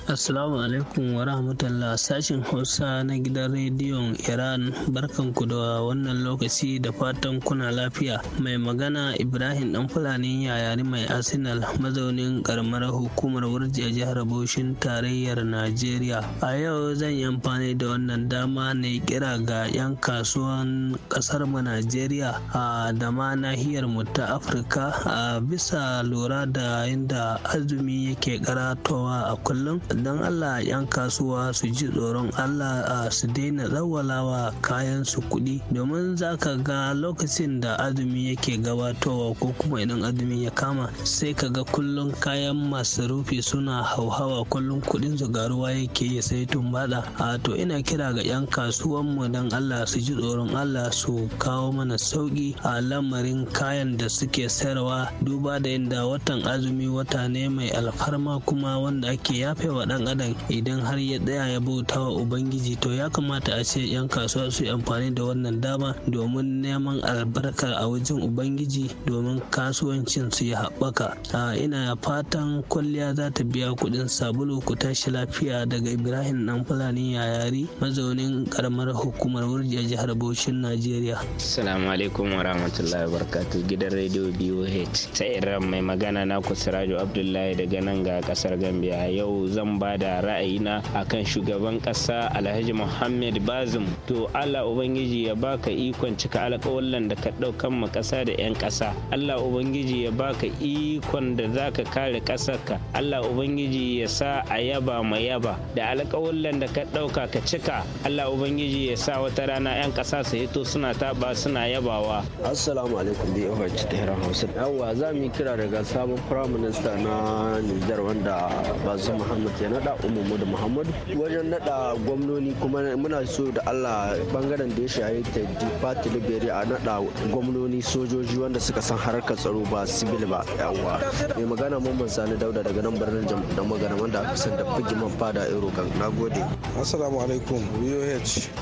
Assalamu alaikum wa rahmatullah sashen Hausa na gidan rediyon Iran barkan ku da wannan lokaci da fatan kuna lafiya. Mai magana Ibrahim dan Fulani yayari mai Arsenal mazaunin karamar hukumar wurji a jihar Bauchin tarayyar Najeriya. A yau zan yi amfani da wannan dama ne kira ga 'yan kasuwan kasar mu Najeriya a da ma nahiyar mu ta Afirka a bisa lura da inda azumi yake karatowa a kullum don allah 'yan kasuwa su ji tsoron allah a su daina tsawalawa kayan su kuɗi domin za ka ga lokacin da azumi yake gabatowa ko kuma idan azumi ya kama sai ka ga kullum kayan masarufi suna hauhawa kullum kuɗin su garuwa yake yi sai tumbaɗa a to ina kira ga 'yan mu don allah su ji tsoron allah su kawo mana sauƙi a lamarin kayan da suke sayarwa duba da yadda watan azumi wata ne mai alfarma kuma wanda ake yafewa ɗan adam idan har ya tsaya ya bauta wa ubangiji to ya kamata a ce 'yan kasuwa su yi amfani da wannan dama domin neman albarka a wajen ubangiji domin kasuwancin su ya haɓaka ina fatan kwalliya za ta biya kuɗin sabulu ku tashi lafiya daga ibrahim ɗan fulani yayari mazaunin karamar hukumar wurji a jihar bauchin najeriya assalamu alaikum wa rahmatullahi wa gidan rediyo boh ta iran mai magana naku siraju abdullahi daga nan ga kasar gambia yau zan ba da ra'ayina akan shugaban ƙasa alhaji muhammad bazum to allah ubangiji ya baka ikon cika alƙawallan da ka ɗaukan ma ƙasa da 'yan ƙasa allah ubangiji ya baka ikon da za ka kare ƙasarka allah ubangiji ya sa a yaba ma yaba da alƙawallan da ka ɗauka ka cika allah ubangiji ya sa wata rana 'yan ƙasa su hito suna taɓa suna yabawa assalamu alaikum bi ta tehran hausa yawwa za mu kira daga sabon firaminista na nijar wanda bazum muhammad ke naɗa umumu da muhammadu wajen naɗa gwamnoni kuma muna so da allah bangaren da ya shaye ta dipati liberia a naɗa gwamnoni sojoji wanda suka san harkar tsaro ba sibil ba yawa mai magana mamman sani dauda daga nan birnin da magana wanda aka san da bigiman fada eurogan na gode assalamu alaikum voh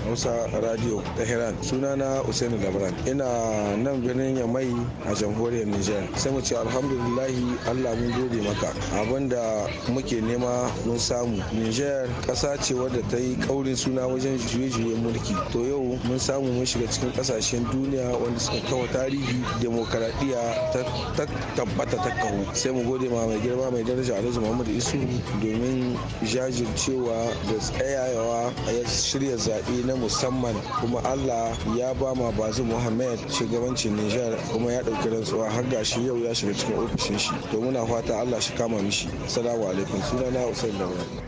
hausa radio tehran sunana usaini labran ina nan birnin yamai a jamhuriyar niger sai mu ce alhamdulillahi allah mun gode maka abinda muke nema mun samu niger ƙasa ce wadda ta yi kaurin suna wajen juye-juye mulki to yau mun samu mun shiga cikin kasashen duniya wanda suka kawo tarihi demokaradiyya ta tabbata ta kawo sai mu gode ma mai girma mai daraja alhaji muhammadu isu domin jajircewa da tsayawa a shirya zaɓe na musamman kuma allah ya ba ma bazu muhammad shugabancin niger kuma ya ɗauki rantsuwa har gashi yau ya shiga cikin ofishin shi to muna fata allah shi kama mishi assalamu alaikum sunana usain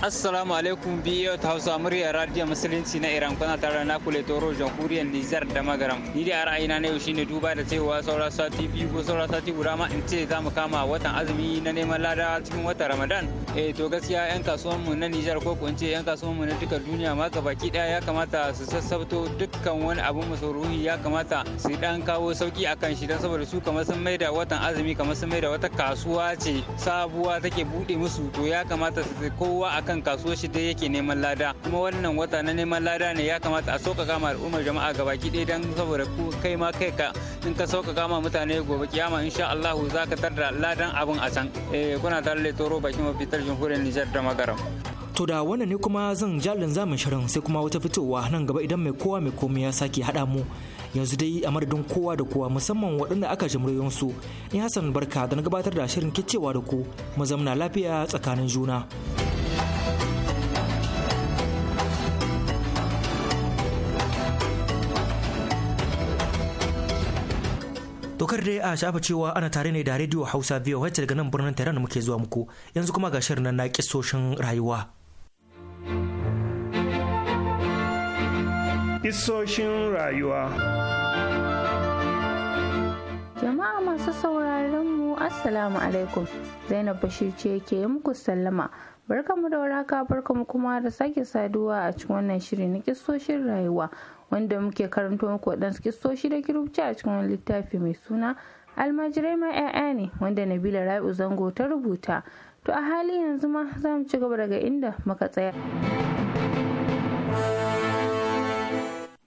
Assalamu alaikum biyo ta Hausa murya Radio Musulunci na Iran kuna tare na kule toro jamhuriyar Nijar da Magaram. Ni da ra'ayina na yau shine duba da cewa saura sati biyu ko saura sati guda ma in ce za mu kama watan azumi na neman lada cikin watan Ramadan. Eh to gaskiya yan kasuwan mu na Nijar ko kun ce yan kasuwan mu na duka duniya ma baki daya ya kamata su sassabto dukkan wani abu masaruhi ya kamata su dan kawo sauki akan shi dan saboda su kamar sun maida watan azumi kamar sun maida wata kasuwa ce sabuwa take bude musu to ya kamata su kowa akan kasuwa shi dai yake neman lada kuma wannan wata na neman lada ne ya kamata a sauƙaƙa ma al'ummar jama'a gabaki ɗaya don saboda ku kai ma kai ka in ka sauƙaƙa ma mutane gobe kiyama insha allahu za ka tarda ladan abin a can eh, kuna tare da toro bakin mafitar jamhuriyar Nijar da Magaram To da wannan ne kuma zan jalin zamin shirin sai kuma wata fitowa nan gaba idan mai kowa mai komai ya sake haɗa mu yanzu dai a madadin kowa da kowa musamman waɗanda aka ji su ni Hassan barka da na gabatar da shirin kicewa da ku mu zamna lafiya tsakanin juna. Dokar dai a shafa cewa ana tare ne da Radio Hausa VOH daga nan birnin Tehran muke zuwa muku yanzu kuma ga shirin na kisoshin rayuwa. Isoshin rayuwa. Jama'a masu sauraron mu Assalamu alaikum Zainab Bashir ce ke muku sallama. barka Barkamu da waraka barkamu kuma da sake saduwa a cikin wannan shiri na kisoshin rayuwa wanda muke karanto muku waɗansu kisoshi da kirubci a cikin wani littafi mai suna almajirai ma 'ya'ya ne wanda Nabila Rabi'u Zango ta rubuta. To a hali yanzu ma za mu ci gaba daga inda muka tsaya.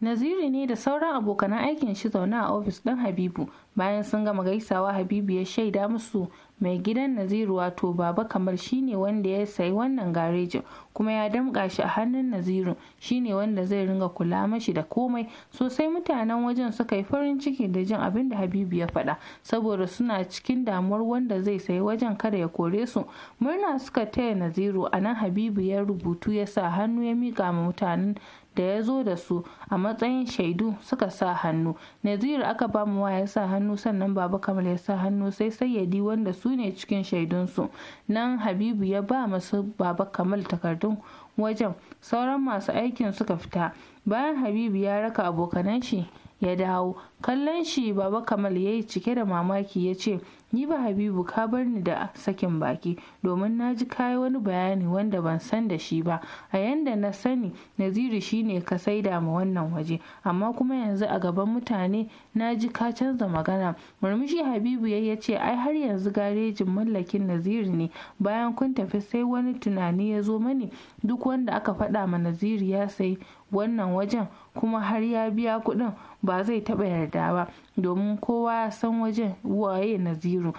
Naziru ne da sauran abokan aikin shi zaune a ofis ɗin Habibu bayan sun gama gaisawa Habibu ya shaida musu mai gidan Naziru wato baba kamar shine wanda ya sayi wannan garejin kuma ya damƙa shi a hannun Naziru shine wanda zai ringa kula mashi da komai sosai mutanen wajen suka yi farin ciki da jin abin da Habibu ya faɗa saboda suna cikin damuwar wanda zai sayi wajen kada ya kore su murna suka taya Naziru a nan Habibu ya rubutu ya sa hannu ya mika ma mutanen da ya zo da su a matsayin shaidu suka sa hannu naziru aka ba mu waya sa hannu sannan baba kamal ya sa hannu sai sayyadi wanda su ne cikin shaidunsu nan habibu ya ba masu baba kamal takardun wajen sauran masu aikin suka fita bayan habibu ya raka abokanan shi ya dawo kallon shi baba kamal ya yi cike da mamaki ya ce ni ba habibu ka bar ni da sakin baki domin na ji kayi wani bayani wanda ban san da shi ba a yanda na sani naziru shine ka saida ma wannan waje amma kuma yanzu a gaban mutane na ji ka canza magana murmushi habibu ya ce ai har yanzu garejin mallakin naziru ne bayan kun tafi sai wani tunani ya zo mani duk wanda aka faɗa ma naziru ya sai wannan wajen kuma har ya biya kuɗin ba zai taɓa yarda ba domin kowa ya san wajen waye na naziru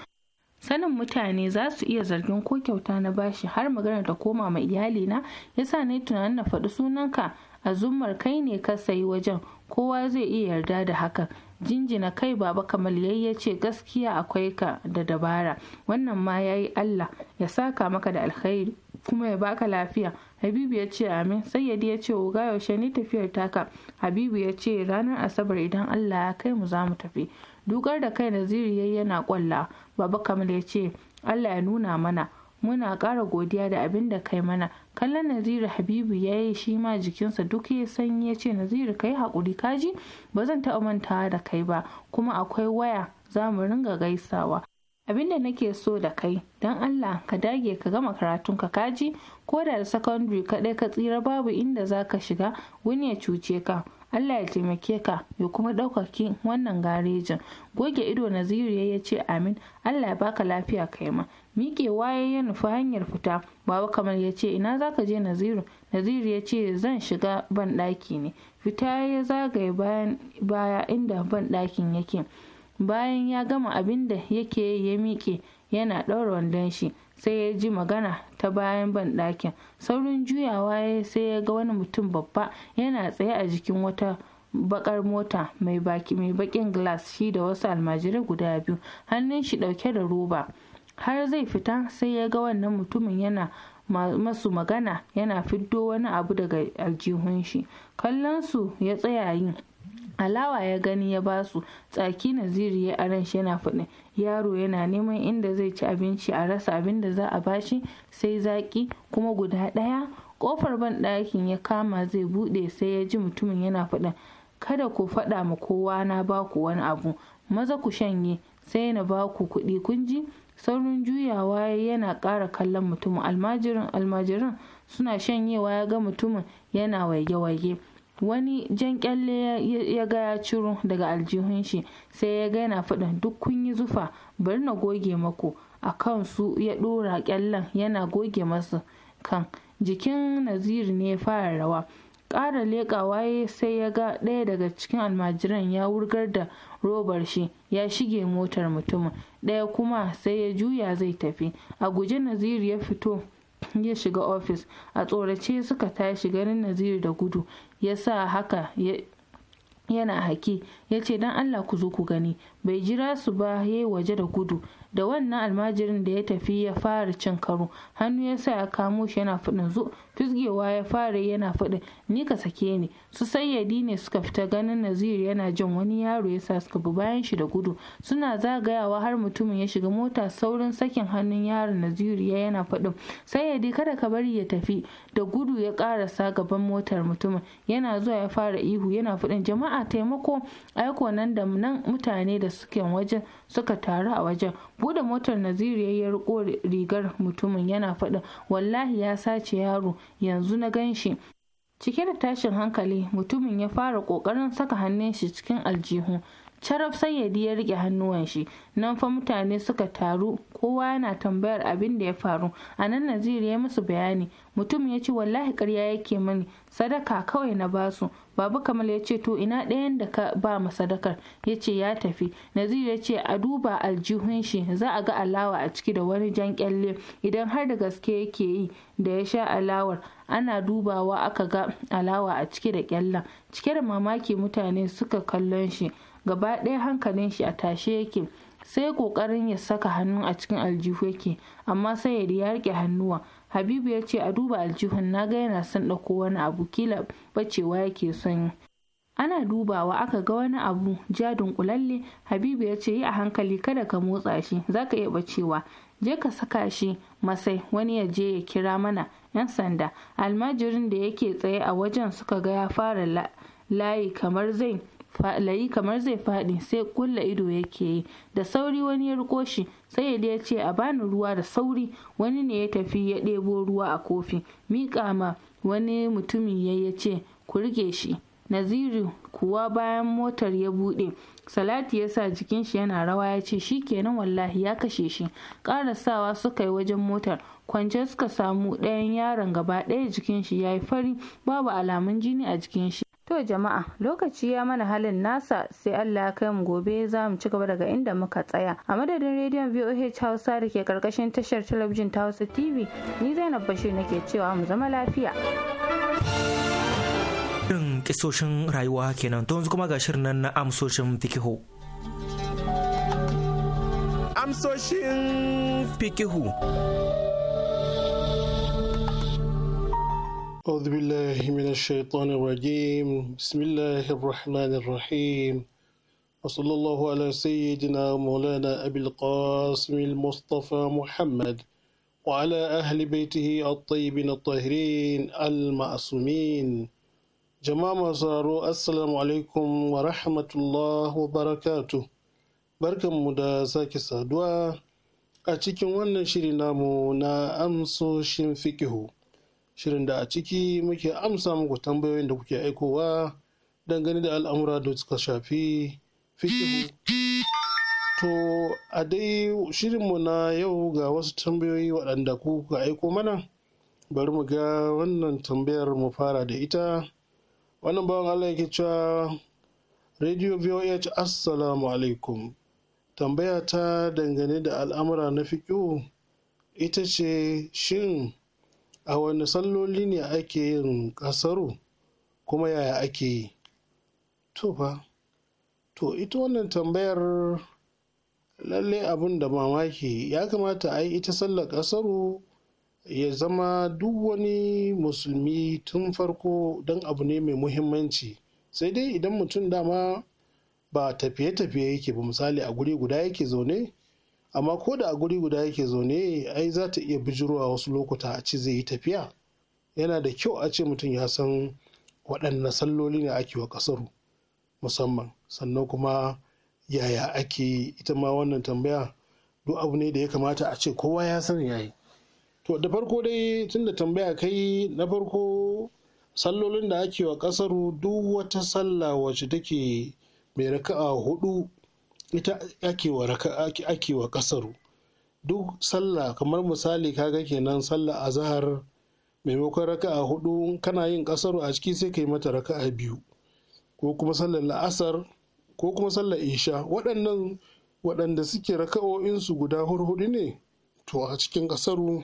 sanin mutane za su iya zargin ko kyauta na bashi har magana ta koma ma iyalina yasa ni tunanin na faɗi sunanka a zummar kai ne ka sayi wajen kowa zai iya yarda da hakan jinjina kai baba kamal ya ce gaskiya akwai ka da dabara wannan ma yayi allah ya saka maka da alkhairi kuma ya baka lafiya habibu ya ce amin sayyadi ya ce oga yaushe ni tafiyar taka habibu ya ce ranar asabar idan allah ya kai mu za mu tafi dukar da kai na yayi yana kwalla baba kamar ya ce allah ya nuna mana muna ƙara godiya da abin da kai mana kallon naziru habibu ya yi shi ma jikinsa duk ya sanyi ya ce naziru kai haƙuri kaji ba zan taɓa mantawa da kai ba kuma akwai waya za mu ringa gaisawa abinda nake so da kai don allah ka dage ka gama karatun ka kaji ko da da secondary kadai ka tsira babu inda za ka shiga wani ya cuce ka allah ya taimake ka ya kuma ɗaukaki wannan garejin goge ido naziru ya ce amin allah ya baka lafiya kai ma miƙe waye ya nufi hanyar fita baba kamar ya ce ina za ka je naziru naziru ya ce zan shiga ban ne fita ya zagaye baya inda ban yake bayan ya gama abin da yake ya miƙe yana ɗaura wandon shi sai ya ji magana ta bayan banɗakin saurin juyawa ya sai ya ga wani mutum babba yana tsaye a jikin wata bakar mota mai bakin glass shi da wasu almajirai guda biyu hannun shi ɗauke da roba har zai fita sai ya ga wannan mutumin yana masu magana yana fiddo wani abu daga aljihun shi kallon su ya tsaya yin alawa ya gani ya basu tsaki naziri ya aran shi yana faɗin yaro yana neman inda zai ci abinci a rasa abin da za a bashi sai zaki kuma guda ɗaya kofar banɗakin ya kama zai buɗe sai ya ji mutumin yana faɗin kada ku faɗa ma kowa na baku wani abu maza ku shanye sai na baku kuɗi kun ji saurin juyawa yana ƙara kallon mutumin almajirin almajirin suna shanyewa ya ga mutumin yana waige-waige wani jan kyalle ya ga ya ciro daga aljihun shi sai ya ga yana faɗin duk kun yi zufa bari na goge mako a kan su ya ɗora kyallen yana goge masu kan jikin Naziru ne ya fara rawa ƙara waye sai ya ga ɗaya daga cikin almajiran ya wurgar da robar shi ya shige motar mutumin ɗaya kuma sai ya juya zai tafi a guje Naziru ya fito ya shiga ofis a tsorace suka tashi ganin naziru da gudu ya sa haka yana haki ya ce don allah ku zo ku gani bai jira su ba ya yi waje da gudu da wannan almajirin da ya tafi ya fara cin karo hannu ya sa ya kamo shi yana faɗin zo fisgewa ya fara yana faɗin ni ka sake ni su sayyadi ne suka fita ganin naziru yana jin wani yaro ya sa suka bi bayan shi da gudu suna zagayawa har mutumin ya shiga mota saurin sakin hannun yaron nazir ya yana faɗin sayyadi kada ka bari ya tafi da gudu ya karasa gaban motar mutumin yana zuwa ya fara ihu yana faɗin jama'a taimako aiko nan da nan mutane da da suke wajen suka taru a wajen bude motar naziru ya riko rigar mutumin yana faɗin wallahi ya sace yaro yanzu na gan shi cike da tashin hankali mutumin ya fara ƙoƙarin saka hannun shi cikin aljihu carab sayyadi ya rike hannuwan shi nan fa mutane suka taru kowa yana tambayar abin da ya faru a nan naziri ya musu bayani mutum ya ce wallahi ƙarya yake mani sadaka kawai na basu babu Kamal ya ce to ina ɗayan da ka ba ma sadakar ya ce ya tafi. Naziru ya ce a duba aljihun shi za a ga alawa a ciki da wani jan kyalle idan har da gaske yake yi da ya sha alawar ana dubawa aka ga alawa a ciki da kyallen. Cike da mamaki mutane suka kallon shi gaba ɗaya hankalin shi a tashe yake. sai kokarin ya saka hannu a cikin aljihu yake amma sai ya riƙe hannuwa habibu ya ce a duba aljihun na ga yana son ɗauko wani abu kila bacewa yake son ana dubawa aka ga wani abu ja Kulalle. habibu ya ce yi a hankali kada ka motsa shi za ka iya bacewa je ka saka shi masai wani ya je ya kira mana yan sanda almajirin da yake tsaye a wajen suka ga ya fara layi kamar zai layi kamar zai faɗi sai kulla ido yake yi da sauri wani ya riko shi sai ya ya ce a bani ruwa da sauri wani ne ya tafi ya ɗebo ruwa a kofi miƙa ma wani mutumin ya ya ce ku rike shi naziru kuwa bayan motar ya buɗe salati ya sa jikin shi yana rawa ya ce shi kenan wallahi ya kashe shi ƙarasawa suka yi wajen motar kwance suka samu ɗayan yaron gaba ɗaya jikin shi ya yi fari babu alamun jini a jikin shi To jama'a lokaci ya mana halin nasa sai Allah ya kai mu gobe za mu ci gaba daga inda muka tsaya. A madadin rediyon VOH Hausa da ke karkashin tashar talabijin ta Hausa TV ni Zainab Bashir nake cewa mu zama lafiya. Irin kisoshin rayuwa kenan to yanzu kuma ga shirin nan na amsoshin fikihu. Amsoshin fikihu. أعوذ بالله من الشيطان الرجيم بسم الله الرحمن الرحيم وصلى الله على سيدنا مولانا أبي القاسم المصطفى محمد وعلى أهل بيته الطيبين الطاهرين المعصومين جماعة صاروا السلام عليكم ورحمة الله وبركاته بركة مدى ساكي سادوا أتكي وانا شيري أمسو شنفكهو shirin da a ciki muke amsa muku tambayoyin da kuke aikowa dangane da al'amura da suka shafi fikihu to a dai shirinmu na yau ga wasu tambayoyi waɗanda ku kuka aiko mana bari mu ga wannan tambayar mu fara da ita wannan bawan allah yake cewa radio voh assalamu alaikum tambaya ta dangane da al'amura na fiƙo ita ce shin a wani salloli ne ake yin kasaru kuma yaya ake yi to fa to ita wannan tambayar lalle abin da mamaki ya kamata a yi ita sallar kasaru ya zama duk wani musulmi tun farko don abu ne mai muhimmanci sai dai idan mutum dama ba tafiye-tafiye yake ba misali a guri guda yake zaune amma ko da a guri guda yake zaune ai za ta iya bijirowa wasu lokuta a ci zai yi tafiya yana da kyau a ce mutum ya san waɗanne salloli ne ake wa ƙasaru musamman sannan kuma yaya ake ita ma wannan tambaya duk abu ne da ya kamata a ce kowa ya sani yayi to da farko dai tun da tambaya kai na farko sallolin da ake wa ƙasaru duk wata sallah wacce take mai raka'a hudu ita ake wa kasaru duk sallah kamar misali kaga kenan sallah a zahar maimakon raka'a hudu kana yin kasaru a ciki sai ka yi mata raka'a biyu ko kuma sallar la'asar ko kuma sallar isha waɗannan waɗanda suke raka'o'insu guda hurhudu ne to a cikin kasaru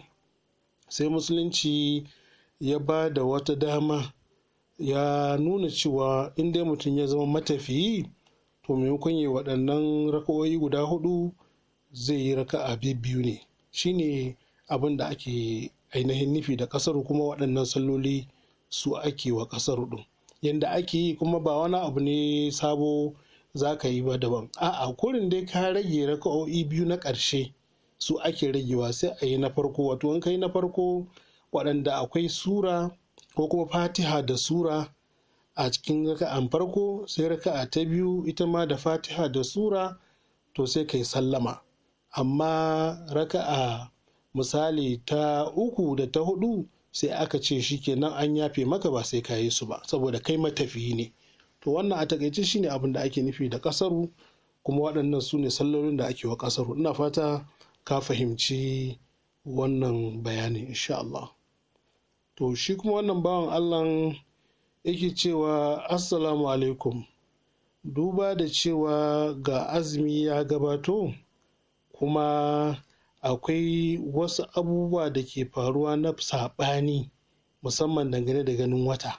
sai musulunci ya ba da wata dama ya nuna cewa inda mutum ya zama matafiyi to maimakon yi waɗannan raka'o'i guda hudu zai yi raka raka'a biyu ne shine abin da ake ainihin nufi da ƙasar kuma waɗannan salloli su ake wa ƙasar ɗin yadda ake yi kuma ba wani abu ne sabo za ka yi ba daban a'a kurin dai ka rage raka'o'i biyu na ƙarshe su ake ragewa sai a yi na farko wato in kai na farko waɗanda akwai sura ko kuma fatiha da sura a cikin raka'an farko sai raka'a ta biyu ita ma da fatiha da sura to sai kai sallama amma raka'a misali ta uku da ta hudu sai aka ce shi kenan an yafe maka ba sai yi su ba saboda kai matafiyi ne to wannan a takaice shine abin da ake nufi da kasaru kuma waɗannan su ne sallolin da ake wa kasaru ina fata ka fahimci wannan bayanin insha Allah to shi kuma wannan bawan Allah yake cewa assalamu alaikum duba da cewa ga azumi ya gabato kuma akwai wasu abubuwa da ke faruwa na saɓani musamman dangane da ganin wata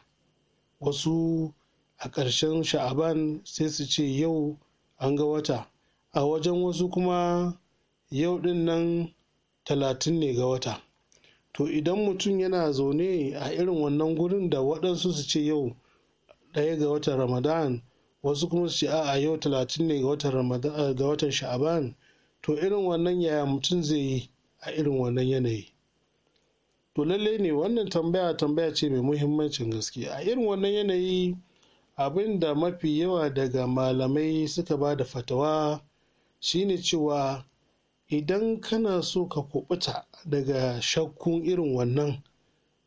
wasu a ƙarshen sha'aban sai su ce yau an ga wata a wajen wasu kuma yau ɗin nan talatin ne ga wata to idan mutum yana zaune a irin wannan gurin da waɗansu su ce yau ɗaya ga watan ramadan wasu kuma su ce a'a yau talatin ne ga watan eh, ga watan sha'aban to irin wannan yaya mutum zai yi a irin wannan yanayi to lallai ne wannan tambaya tambaya ce mai muhimmancin gaske a irin wannan yanayi abin da mafi yawa daga malamai suka ba da fatawa shine cewa idan kana so ka kubuta daga shakkun irin wannan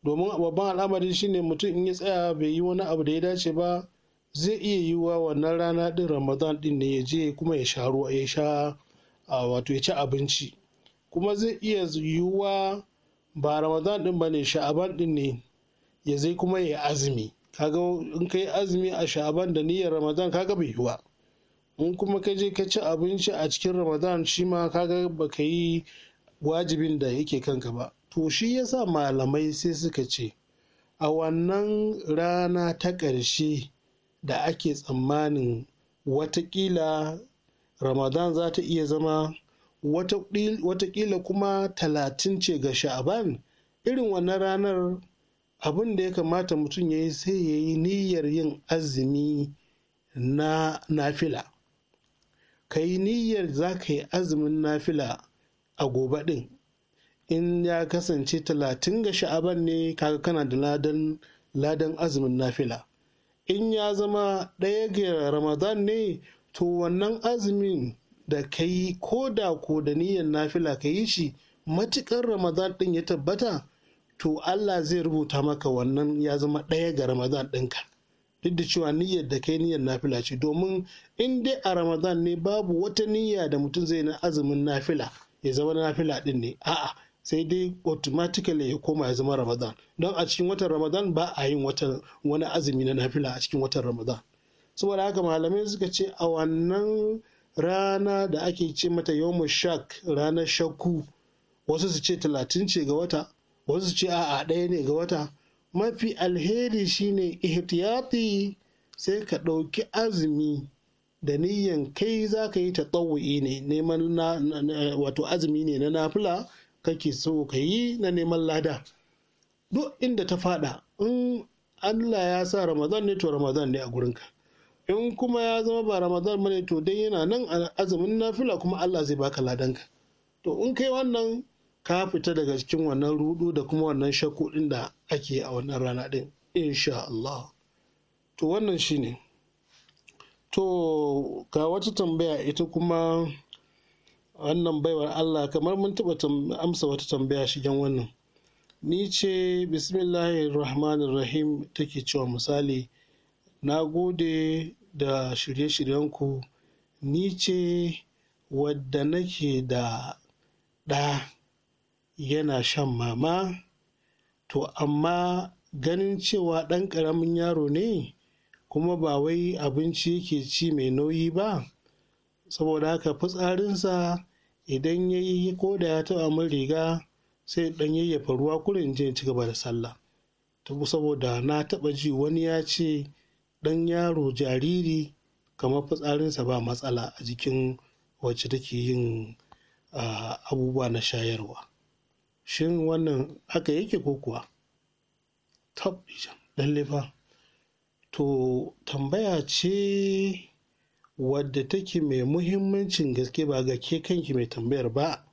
domin babban al'amarin shine mutum in ya tsaya bai yi wani abu da ya dace ba zai iya yiwuwa wannan rana din ramadan din ne ya je kuma ya sha ruwa ya sha wato ya ci abinci kuma zai iya yiwuwa ba ramadan din ba ne sha'aban din ne ya zai kuma ya azumi kaga in kai azumi a sha'aban da niyyar ramadan kaga bai yiwuwa in kuma ka je ka ci abinci a cikin ramadan shi ma kaga ka yi wajibin da yake kanka ba to shi sa malamai sai suka ce a wannan rana ta ƙarshe da ake tsammanin watakila ramadan za ta iya zama watakila kuma talatin ce ga sha'aban irin wannan ranar abin da ya kamata mutum ya yi sai ya yi niyyar yin azumi na nafila ka yi niyyar za ka yi azumin nafila a gobe ɗin in ya kasance talatin ga sha'aban ne kaga kana da ladan ladan azumin nafila in ya zama ɗaya ga ramadan ne to wannan azumin da ka yi ko da ko da niyyar nafila ka yi shi matuƙar ramadan ɗin ya tabbata to allah zai rubuta maka wannan ya zama ɗaya ga ramadan ɗinka duk da cewa niyyar da kai niyyar nafila ce domin in dai a ramadan ne babu wata niyya da mutum zai na azumin nafila ya zama nafila din ne a'a sai dai automatically ya koma ya zama ramadan don a cikin watan ramadan ba a yin wani azumi na nafila a cikin watan ramadan saboda haka malamai suka ce a wannan rana da ake ce mata yawon shak ranar shakku wasu su ce talatin ce ga wata wasu su ce a'a ɗaya ne ga wata mafi alheri shine ihtiyati sai ka ɗauki azumi da niyyan kai za ka yi tatsawu'i ne neman wato azumi ne na nafila kake so ka yi na neman lada duk inda ta fada in allah ya sa ramadan ne to ramadan ne a gurinka in kuma ya zama ba ramadan ba ne to dai yana nan azumin nafila kuma allah zai baka ladanka to in kai wannan ka fita daga cikin wannan rudu da kuma wannan shakku din da ake a wannan rana din insha Allah to wannan shine to ga wata tambaya ita kuma wannan baiwar Allah kamar mun taba amsa wata tambaya shigen wannan ni ce bismillahirrahmanirrahim take cewa misali na gode da shirye-shiryenku ni ce wadda nake da ɗaya. yana shan mama to amma ganin cewa ɗan ƙaramin yaro ne kuma ba wai abinci yake ci mai nauyi ba saboda haka fitsarinsa idan ya yi ko da ya taɓa min riga sai ɗan yayyafa ruwa kurin je ci gaba da sallah saboda na taɓa ji wani ya ce ɗan yaro jariri kamar fitsarinsa ba matsala a jikin wacce take yin ah, abubuwa na shayarwa shin wannan haka yake ko kuwa tabbijan lalle fa to tambaya ce wadda take mai muhimmancin gaske ba ga ke kanki mai tambayar ba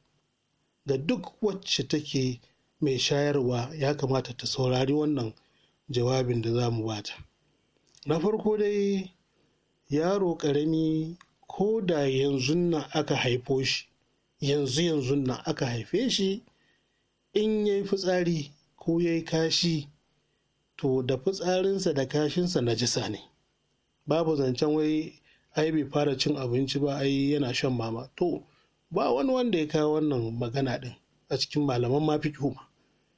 ga duk wacce take mai shayarwa ya kamata ta saurari wannan jawabin da za mu bata na farko dai yaro ƙarami ko da yanzu nan aka haifo shi yanzu yanzu nan aka haife shi in ya yi fitsari ko ya yi kashi to da fitsarinsa da kashinsa na jisa ne babu zancen wai ai bai fara cin abinci ba ai yana shan mama to ba wani wanda ya kawo wannan magana din a cikin malaman mafi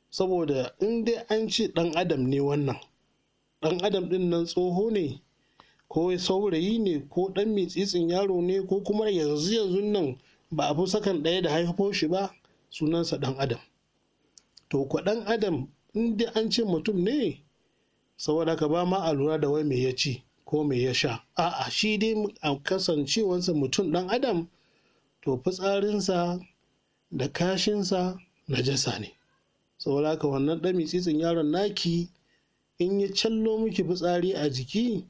saboda in dai an ce dan adam ne wannan dan adam din nan tsoho ne ko saurayi ne ko dan mitsitsin yaro ne ko kuma yanzu yanzu nan ba a fi sakan ɗaya da haifo shi ba sunansa dan adam to kwaɗan adam inda an ce mutum ne saboda ka ba ma a lura da wai me ya ci ko mai ya sha a'a shi dai a kasancewarsa mutum ɗan adam to fitsarinsa da kashinsa najasa ne saboda ka wannan ɗan mitsitsin yaron naki in ya callo miki fitsari a jiki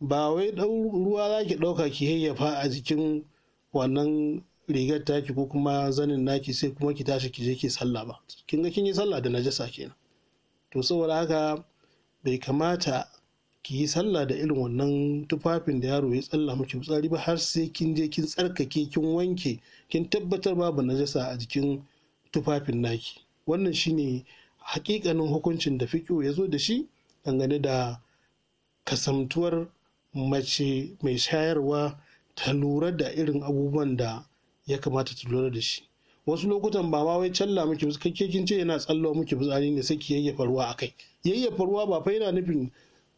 ba wai ruwa za ki ɗauka ki yayyafa a jikin wannan rigar taki ko kuma zanin naki sai kuma ki tashi ki je ki salla ba kin ga kin yi sallah da najasa kenan to saboda haka bai kamata ki yi sallah da irin wannan tufafin da yaro ya tsalla miki fitsari ba har sai kin je kin tsarkake kin wanke kin tabbatar babu najasa a jikin tufafin naki wannan shine hakikanin hukuncin da fiƙo ya zo da shi dangane da kasantuwar mace mai shayarwa ta lura da irin abubuwan da ya kamata ta lura da shi wasu lokutan ba ma wai challa miki bisa kin ce yana tsallawa miki fitsari ne sai ki yayyafa ruwa akai yayyafa ruwa ba fa yana nufin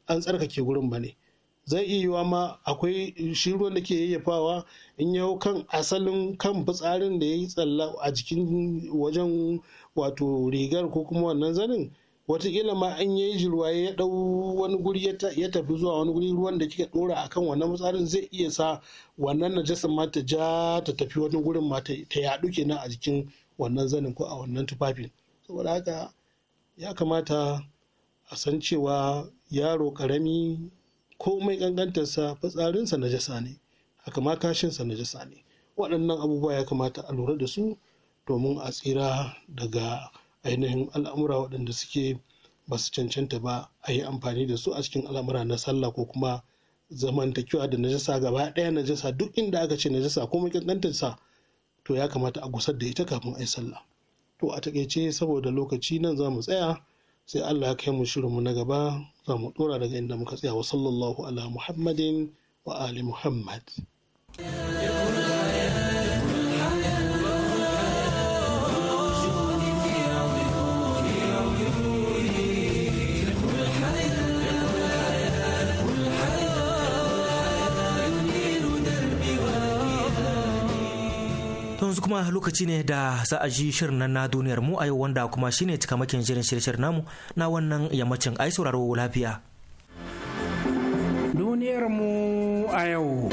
an tsarkake gurin ba ne zai iya yiwa ma akwai shi da ke yayyafawa in yau kan asalin kan fitsarin da ya tsalla a jikin wajen wato rigar ko kuma wannan zanin watakila ma an yi jirwa ya dau wani guri ya tafi zuwa wani guri ruwan da kika dora akan wannan matsarin zai iya sa wannan najasa ma ta ja ta tafi wani gurin ma ta yadu kenan a jikin wannan zanin ko a wannan tufafin saboda haka ya kamata a san cewa yaro karami komai kankantarsa fitsarinsa najasa ne haka ma kashinsa najasa ne waɗannan abubuwa ya kamata a lura da su domin a tsira daga ainihin al'amura waɗanda suke ba su cancanta ba a yi amfani da su a cikin al'amura na sallah ko kuma zamantakewa da najasa gaba ɗaya najasa duk inda aka ce najasa ko makankantarsa to ya kamata a gusar da ita kafin a yi sallah to a takaice saboda lokaci nan za mu tsaya sai allah ya kai mu shirin mu na gaba za mu ɗora daga inda muka tsaya wa sallallahu ala muhammadin wa ali muhammad. To yanzu kuma lokaci ne da za a ji shirin nan na duniyar mu a yau wanda kuma shine cikamakin jirin shirye namu na wannan yammacin ai sauraro lafiya. Duniyar mu a yau.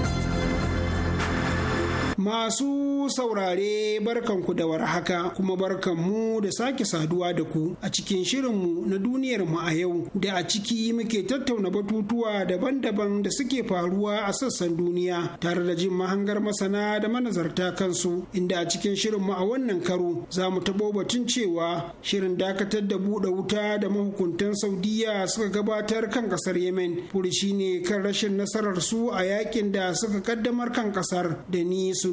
Masu saurare barkanku da warhaka kuma barkanmu da sake saduwa da ku a cikin shirinmu na duniyar mu a yau da a ciki muke tattauna batutuwa daban-daban da suke faruwa a sassan duniya tare da jin mahangar masana da manazarta kansu inda a cikin shirinmu a wannan karo za mu taɓo batun cewa shirin dakatar da buɗe wuta da mahukuntan saudiya suka gabatar kan ƙasar yemen furi ne kan rashin nasarar su a yakin da suka kaddamar kan ƙasar da ni su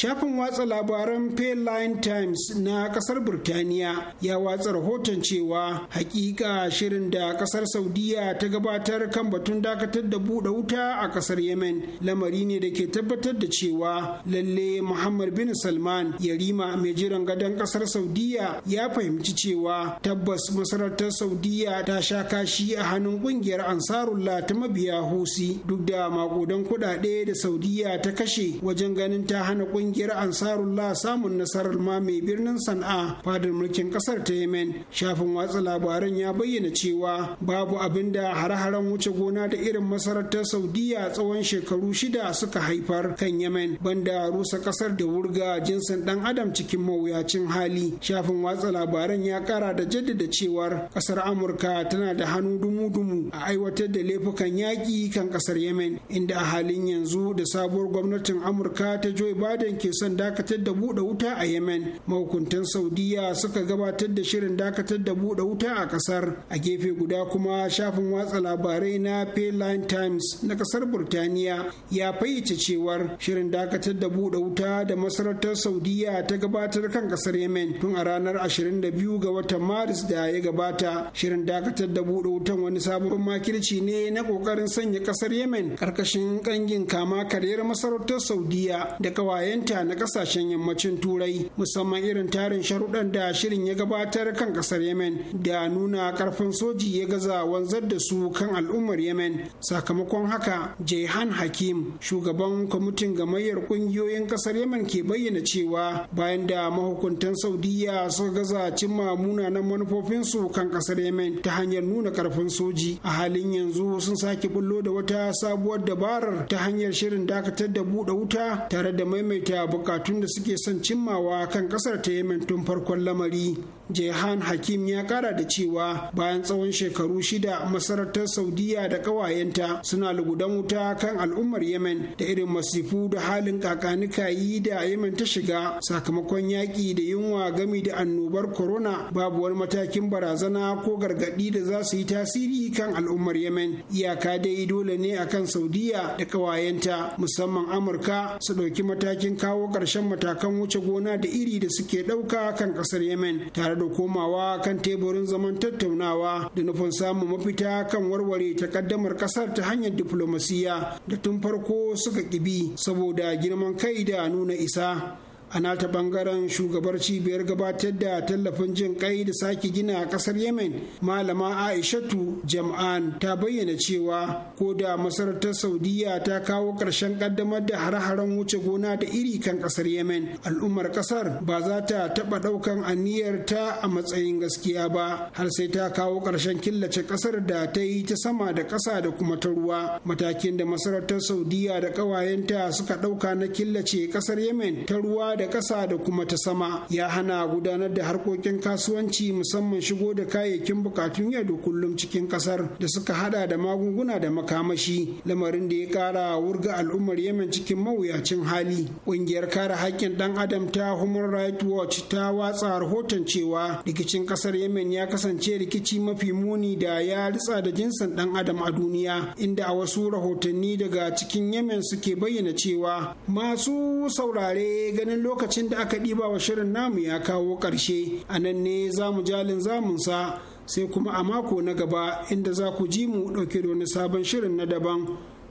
Shafin watsa labaran Payline Times na kasar Burtaniya ya watsa rahoton cewa hakika shirin da kasar Saudiya ta gabatar kan batun dakatar da buɗe wuta a kasar Yemen lamari ne da ke tabbatar da cewa lalle Muhammad bin Salman yarima mai jiran gadon kasar Saudiya ya fahimci cewa tabbas masarautar Saudiya ta sha kashi a hannun kungiyar Ansarullah ta mabiya Husi duk da makudan kuɗaɗe da Saudiya ta kashe wajen ganin ta hana kungiyar kungiyar ansarullah samun nasarar ma mai birnin sana'a fadar mulkin kasar ta yemen shafin watsa labaran ya bayyana cewa babu abin da hare-haren wuce gona da irin masarar ta saudiya tsawon shekaru shida suka haifar kan yemen banda rusa kasar da wurga jinsin dan adam cikin mawuyacin hali shafin watsa labaran ya kara da jaddada cewar kasar amurka tana da hannu dumu-dumu a aiwatar da laifukan yaƙi kan kasar yemen inda a halin yanzu da sabuwar gwamnatin amurka ta joe biden ke son dakatar da buɗe wuta a yemen mahukuntan saudiya suka gabatar da shirin dakatar da buɗe wuta a ƙasar a gefe guda kuma shafin watsa labarai na Payline times na ƙasar burtaniya ya fayyace cewar shirin dakatar da buɗe wuta da masarautar saudiya ta gabatar kan ƙasar yemen tun a ranar 22 ga watan maris da ya gabata shirin dakatar da buɗe wutan wani sabon makirci ne na ƙoƙarin sanya ƙasar yemen ƙarƙashin ƙangin kama karyar masarautar saudiya da ƙawayenta makwabta na kasashen yammacin turai musamman irin tarin sharuɗan da shirin ya gabatar kan ƙasar yemen da nuna karfin soji ya gaza wanzar da su kan al'ummar yemen sakamakon haka jehan hakim shugaban kwamitin gamayyar ƙungiyoyin ƙasar yemen ke bayyana cewa bayan da mahukuntan saudiya suka gaza cimma munanan manufofinsu kan ƙasar yemen ta hanyar nuna karfin soji a halin yanzu sun sake bullo da wata sabuwar dabarar ta hanyar shirin dakatar da buɗe wuta tare da maimaita bukatun da suke son cimmawa kan kasar ta yemen tun farkon lamari jehan hakim ya kara da cewa bayan tsawon shekaru shida masarautar saudiya da kawayenta suna lugudan wuta kan al'ummar yemen da irin masifu da halin yi da yemen ta shiga sakamakon yaƙi da yunwa gami da annobar corona babu wani matakin barazana ko gargaɗi da za su yi tasiri kan al'ummar yemen iyaka dai dole ne akan saudiya da kawayenta musamman amurka su ɗauki matakin kawo ƙarshen matakan wuce gona da iri da suke ɗauka kan ƙasar yemen tare da komawa kan teburin zaman tattaunawa da nufin samun mafita kan warware takaddamar kasar ta hanyar diflomasiya da tun farko suka kibi saboda girman kai da nuna isa a nata bangaren shugabar cibiyar gabatar da tallafin jin kai da sake gina a kasar yemen malama aishatu jam'an ta bayyana cewa ko da masarautar saudiya ta kawo ƙarshen ƙaddamar da hare-haren wuce gona da iri kan kasar yemen al'ummar kasar ba za ta taɓa ɗaukan aniyar ta a matsayin gaskiya ba har sai ta kawo ƙarshen killace kasar da ta yi ta sama da ƙasa da kuma ta ruwa matakin da masarautar saudiya da ƙawayenta suka ɗauka na killace kasar yemen ta ruwa da ƙasa da kuma ta sama ya hana gudanar da harkokin kasuwanci musamman shigo da kayayyakin bukatun yau da kullum cikin ƙasar da suka hada da magunguna da makamashi lamarin da ya ƙara wurga al'ummar yemen cikin mawuyacin hali ƙungiyar kare haƙƙin ɗan adam ta human rights watch ta watsa rahoton cewa rikicin ƙasar yemen ya kasance rikici mafi muni da ya ritsa da jinsin ɗan adam a duniya inda a wasu rahotanni daga cikin yemen suke bayyana cewa masu saurare ganin lokacin da aka ɗiba wa shirin namu ya kawo ƙarshe a nan ne za mu jalin zamunsa sai kuma a mako na gaba inda za ku ji mu ɗauke da wani sabon shirin na daban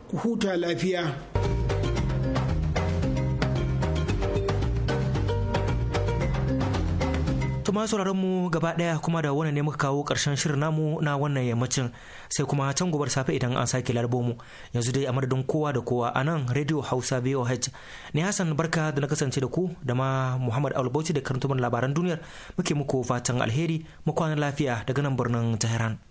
ku huta lafiya. To ma sauraron mu gaba daya kuma da wannan ne muka kawo karshen shirin namu na wannan yammacin sai kuma can gobar safe idan an sake larbo mu yanzu dai a madadin kowa da kowa a nan Radio Hausa VOH ne Hassan barka da na kasance da ku da ma Muhammad Albauchi da karantumar labaran duniyar muke muku fatan alheri mu kwana lafiya daga nan birnin Tehran.